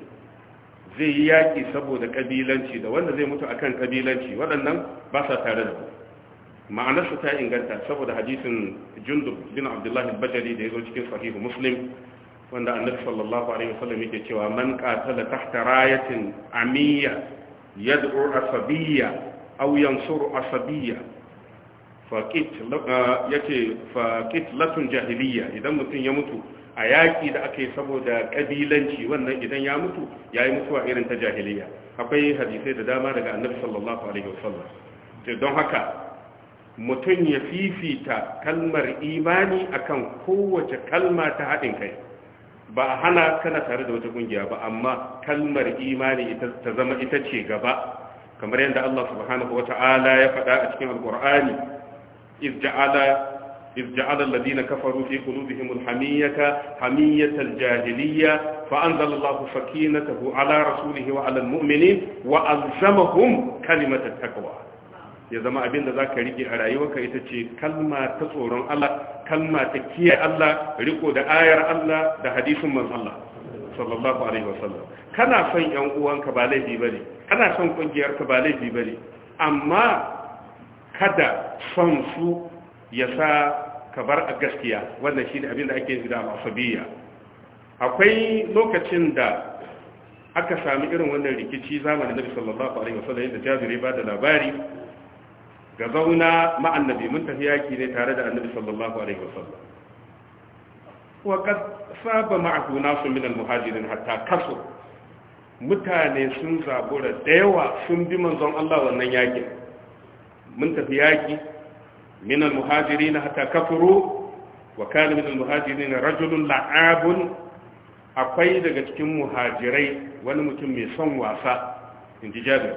zai yi yaƙi saboda kabilanci da wanda zai mutu akan kabilanci waɗannan ba sa tare da ma'anarsa ta inganta saboda hadisin jundub bin abdullahi bajali da ya zo cikin sahihu muslim wanda annabi sallallahu alaihi wasallam yake cewa man qatala tahta rayatin amiyya yad'u asabiyya aw yansuru asabiyya faƙit ah, latun jahiliya idan mutum ya mutu a yaƙi da aka yi saboda ƙabilanci wannan idan ya mutu ya yi mutuwa irin ta jahiliya akwai hadisai da dama daga annabi sallallahu alaihi wasallam don haka mutum ya fifita kalmar imani akan kowace kalma ta haɗin kai ba a hana kana tare da wata ƙungiya ba amma kalmar imani ta zama ita ce gaba kamar yadda Allah subhanahu ta'ala ya faɗa a cikin alƙur'ani إذ جعل إذ جعل الذين كفروا في قلوبهم الحمية حمية الجاهلية فأنزل الله سكينته على رسوله وعلى المؤمنين وألزمهم كلمة التقوى ya zama abin da za ka rike a rayuwarka ita ce kalma ta tsoron Allah kalma ta kiyaye Allah riko da ayar Allah da hadisin manzon Allah sallallahu alaihi wasallam kana son yan uwanka ba laifi bane kana son kungiyarka ba laifi bane amma kada son su ya sa ka bar a gaskiya wannan shi ne abin da ake a masabiya akwai lokacin da aka sami irin wannan rikici zamanin nabi sallallahu alaihi wasallam da jabiri ba da labari ga zauna ma'annabi mun tafi yaki ne tare da annabi sallallahu alaihi wasallam wa qad saba ma'ahu nasu min al-muhajirin hatta kasu mutane sun zabura da yawa sun bi manzon Allah wannan yakin mun tafi yaƙi, minan al na hatta kafuru wa kana min al-muhajirin rajulun la'abun akwai daga cikin muhajirai wani mutum mai son wasa inji jabir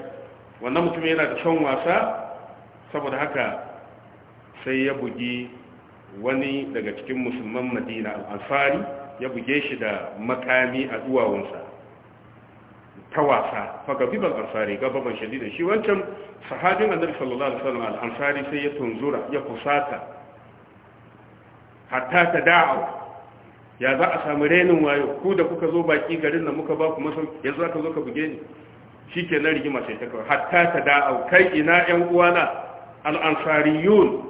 wannan mutum yana da son wasa saboda haka sai ya bugi wani daga cikin musulman madina al-ansari ya buge shi da makami a duwawunsa ta wasa fa gabiban ansari baban shadidan shi wancan sahabin annabi sallallahu alaihi wasallam al-ansari sai ya tunzura ya kusata hatta ta da'a ya za a samu renin wayo ku da kuka zo baki garin nan muka ba ku masan yanzu aka zo ka buge ni shikenan rigima sai ta kawai hatta ta da'a kai ina ƴan uwana al-ansariyun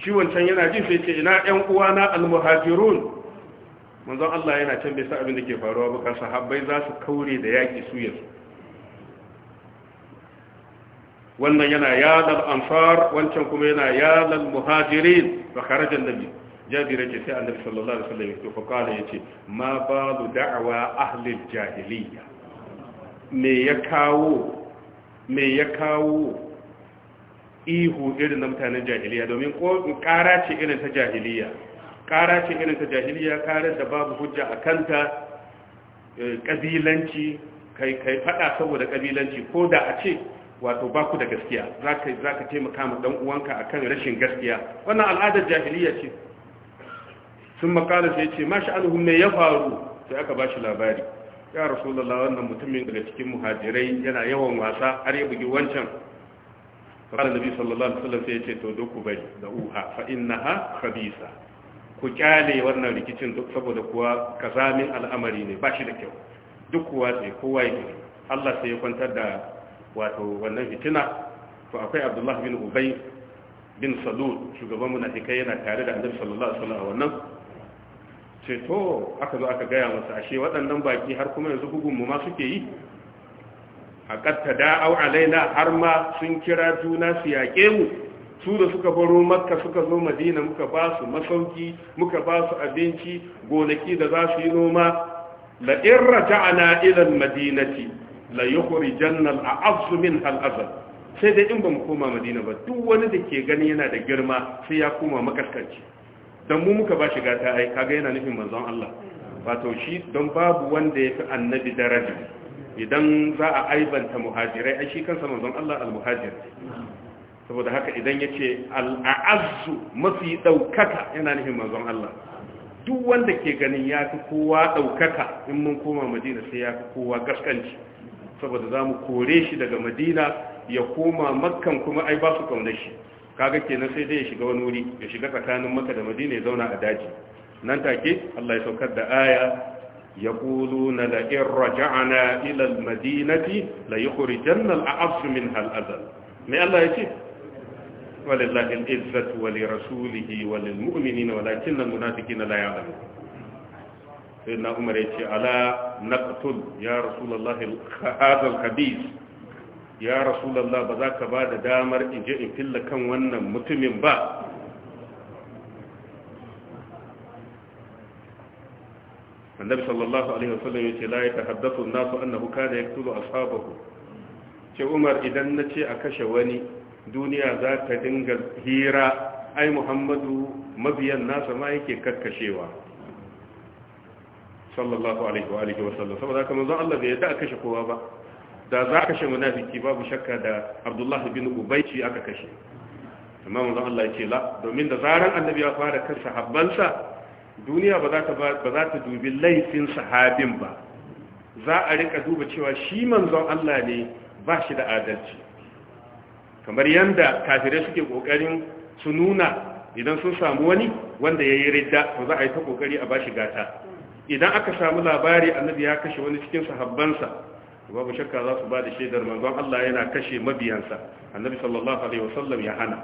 shi wancan yana jin sai ce ina ƴan uwana al-muhajirun manzon Allah yana can bai san abin da ke faruwa ba kan sahabbai za su kaure da yaƙi su yanzu wannan yana yadal ansar wancan kuma yana yadal muhajirin wa kharajan nabi jabir yake sai annabi sallallahu alaihi wasallam to faqala yace ma balu da'wa ahli jahiliya me ya kawo me ya kawo ihu irin na mutanen jahiliya domin ko kara ce irin ta jahiliya ƙara ce irin ta jahiliya kara da babu hujja a kanta eh, ƙabilanci kai kai faɗa saboda ƙabilanci ko da a ce wato ba ku da gaskiya za ka taimaka ma ɗan uwanka a kan rashin gaskiya wannan al'adar jahiliya ce sun makala sai ce mashi alhum ne ya faru sai aka ba shi labari ya rasulallah wannan mutumin daga cikin muhajirai yana yawan wasa har ya bugi wancan da nabi sallallahu alaihi wasallam sai ya ce to doku bai da uha fa innaha khabisa ku kyale wannan rikicin duk saboda kuwa kazamin al'amari ne ba shi da kyau duk kuwa sai kowa yi Allah sai ya kwantar da wato wannan fitina to akwai Abdullah bin Ubay bin Salul shugaban munafikai yana tare da Annabi sallallahu alaihi wasallam wannan ce to aka zo aka gaya masa ashe waɗannan baki har kuma yanzu bugun mu ma suke yi a qatta da'au alaina har ma sun kira juna su yaƙe mu su da suka baro makka suka zo madina muka ba su masauki muka ba su abinci gonaki da za su yi noma la in raja'ana ila madinati la yukhrijanna al-a'z min al sai dai in ba mu koma madina ba duk wani da ke gani yana da girma sai ya koma makaskanci dan mu muka ba shiga ta ai kaga yana nufin manzon Allah wato shi don babu wanda ya fi annabi daraja idan za a aibanta muhajirai ai shi kansa manzon Allah al-muhajir saboda haka idan ya ce al'azzu mafi ɗaukaka yana nufin manzon Allah duk wanda ke ganin ya fi kowa ɗaukaka in mun koma madina sai ya fi kowa gaskanci saboda za mu kore shi daga madina ya koma makkan kuma ai ba su shi kaga kenan sai dai ya shiga wani wuri ya shiga tsakanin maka da madina ya zauna a daji nan take Allah ya saukar da aya يقولون لئن رجعنا إلى المدينة a asumin منها mai Allah ya ce? ولله العزة ولرسوله وللمؤمنين ولكن المنافقين لا يعلمون سيدنا عمر يقول ألا نقتل يا رسول الله هذا الخبيث يا رسول الله بذاك بعد دامر إن جئ كل كان وانا متمم با النبي صلى الله عليه وسلم يقول لا يتحدث الناس أنه كان يقتل أصحابه ce umar idan na ce a kashe wani duniya za ta dinga hira ai muhammadu mabiyan nasa ma yake kakkashewa sallallahu alaihi wa alihi wa sallam saboda kuma zan Allah bai yadda kashe kowa ba da za kashe munafiki babu shakka da Abdullahi bin Ubayci aka kashe amma zan Allah yake la domin da zaran annabi ya fara kan sahabbansa duniya ba za ta ba za ta dubi laifin sahabin ba za a rika duba cewa shi manzon Allah ne ba shi da adalci kamar yadda kafirai suke kokarin su nuna idan sun samu wani wanda ya yi ridda to za a yi ta kokari a bashi gata idan aka samu labari annabi ya kashe wani cikin sahabbansa babu shakka za su ba da shaidar manzon Allah yana kashe mabiyansa annabi sallallahu alaihi wasallam ya hana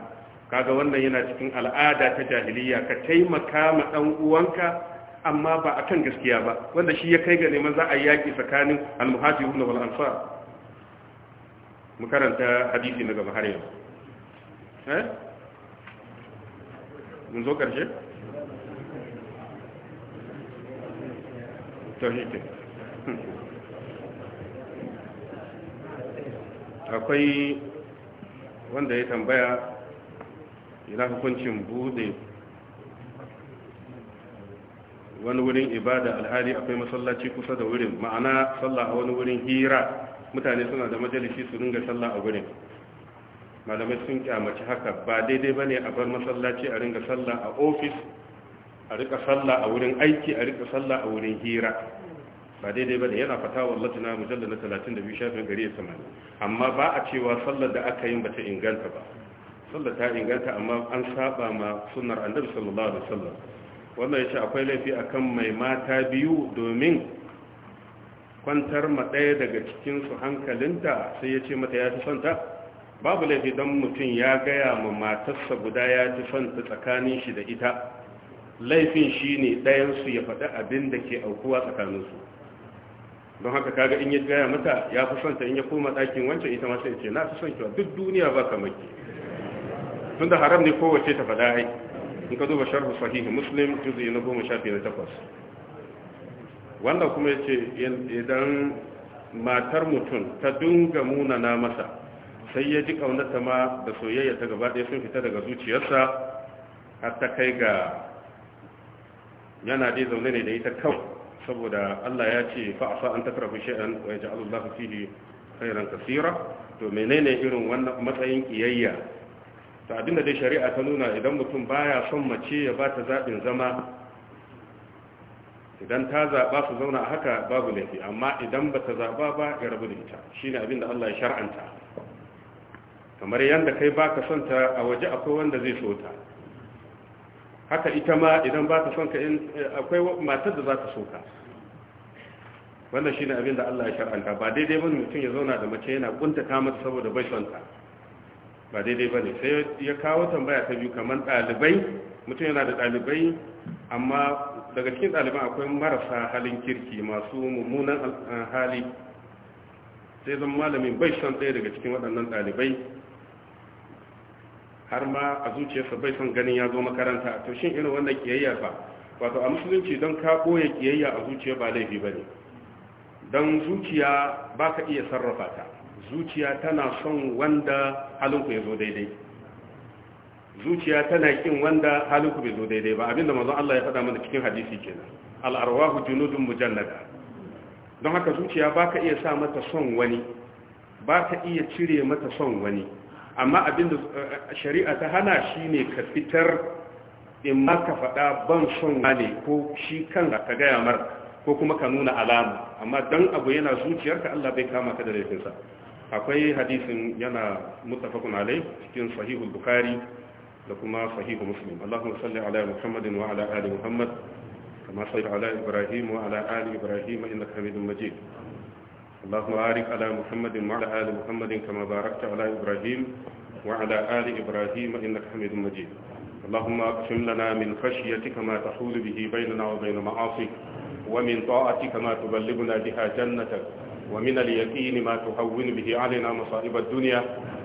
kaga wannan yana cikin al'ada ta jahiliya ka taimaka ma dan uwanka amma ba akan gaskiya ba wanda shi ya kai ga neman za a yaki tsakanin al-muhajirun wal ansar mu karanta hadisi na gaba har eh mun zo karshe to akwai wanda ya tambaya ina hukuncin bude wani wurin ibada alhali akwai masallaci kusa da wurin ma'ana sallah a wani wurin hira mutane suna da majalisi su dinga sallah a gurin malamai sun kyamaci haka ba daidai bane a bar masallaci a ringa sallah a ofis a rika sallah a wurin aiki a rika sallah a wurin hira ba daidai bane yana fata wallahi na mujalla na 32 shafin gari ya samani amma ba a cewa sallar da aka yi bata inganta ba sallar ta inganta amma an saba ma sunnar annabi sallallahu alaihi wasallam wannan yace akwai laifi akan mai mata biyu domin kwantar ma ɗaya daga cikinsu hankalinta sai ya ce mata ya fi santa babu laifi don mutum ya gaya ma matarsa guda ya fi santa tsakanin shi da ita laifin shi ne ɗayansu ya faɗi abin da ke aukuwa tsakaninsu don haka kaga in ya gaya mata ya fi santa in ya koma ɗakin wancan ita masu ce na fi son kiwa duk duniya ba ka maki tun da haram ne kowace ta faɗa ai in ka duba sharhu sahihi muslim juzi na goma sha biyar da takwas wanda kuma yace idan matar mutum ta dunga munana masa sai ya ji kaunarta ma da soyayya ta gaba ɗaya sun fita daga zuciyarsa har ta kai ga yana dai zaune ne da ita kawai saboda Allah ya ce fa fa'asa an takrahu shay'an wa yaj'alu Allahu fihi khairan kaseera to menene irin wannan matsayin kiyayya to abinda dai shari'a ta nuna idan mutum baya son mace ya ba ta zaɓin zama idan ta zaɓa su zauna haka babu laifi amma idan ba ta zaɓa ba ya rabu da ita shi ne abin da Allah ya shar'anta kamar yadda kai ba ka son ta a waje akwai wanda zai so ta haka ita ma idan ba ta son ka eh, akwai matar da za ta so ka wannan shi ne abin da Allah ya shar'anta ba daidai ba mutum ya zauna da mace yana kuntata mata saboda bai son ta ba daidai ba ne sai ya kawo tambaya ta biyu kamar ɗalibai mutum yana da ɗalibai amma daga cikin ɗaliban akwai marasa halin kirki masu mummunan hali sai zan malamin bai son ɗaya daga cikin waɗannan ɗalibai har ma a zuciyarsa bai son ganin ya zo makaranta to shin irin wannan kiyayya ba wato a musulunci don ka ɓoye kiyayya a zuciya ba laifi ba ne don zuciya ba ka iya sarrafa ta zuciya tana son wanda halinku ya zo daidai zuciya tana kin wanda haliku bai zo daidai ba abinda manzon Allah ya faɗa mana cikin hadisi kenan al arwahu junudun mujannada don haka zuciya baka iya sa mata son wani baka iya cire mata son wani amma abinda eh, shari'a ta hana shine ka fitar in ma ka faɗa ban son wani ko shi kan ka gaya mar ko kuma ka nuna alama amma dan abu yana zuciyarka Allah bai kama ka da laifinsa akwai hadisin yana mutafakun alai cikin sahihul bukhari لكما صحيح مسلم اللهم صل على محمد وعلى آل محمد كما صل على إبراهيم وعلى آل إبراهيم إنك حميد مجيد اللهم بارك على محمد وعلى آل محمد كما باركت على إبراهيم وعلى آل إبراهيم إنك حميد مجيد اللهم اقسم لنا من خشيتك ما تحول به بيننا وبين معاصيك ومن طاعتك ما تبلغنا بها جنتك ومن اليقين ما تهون به علينا مصائب الدنيا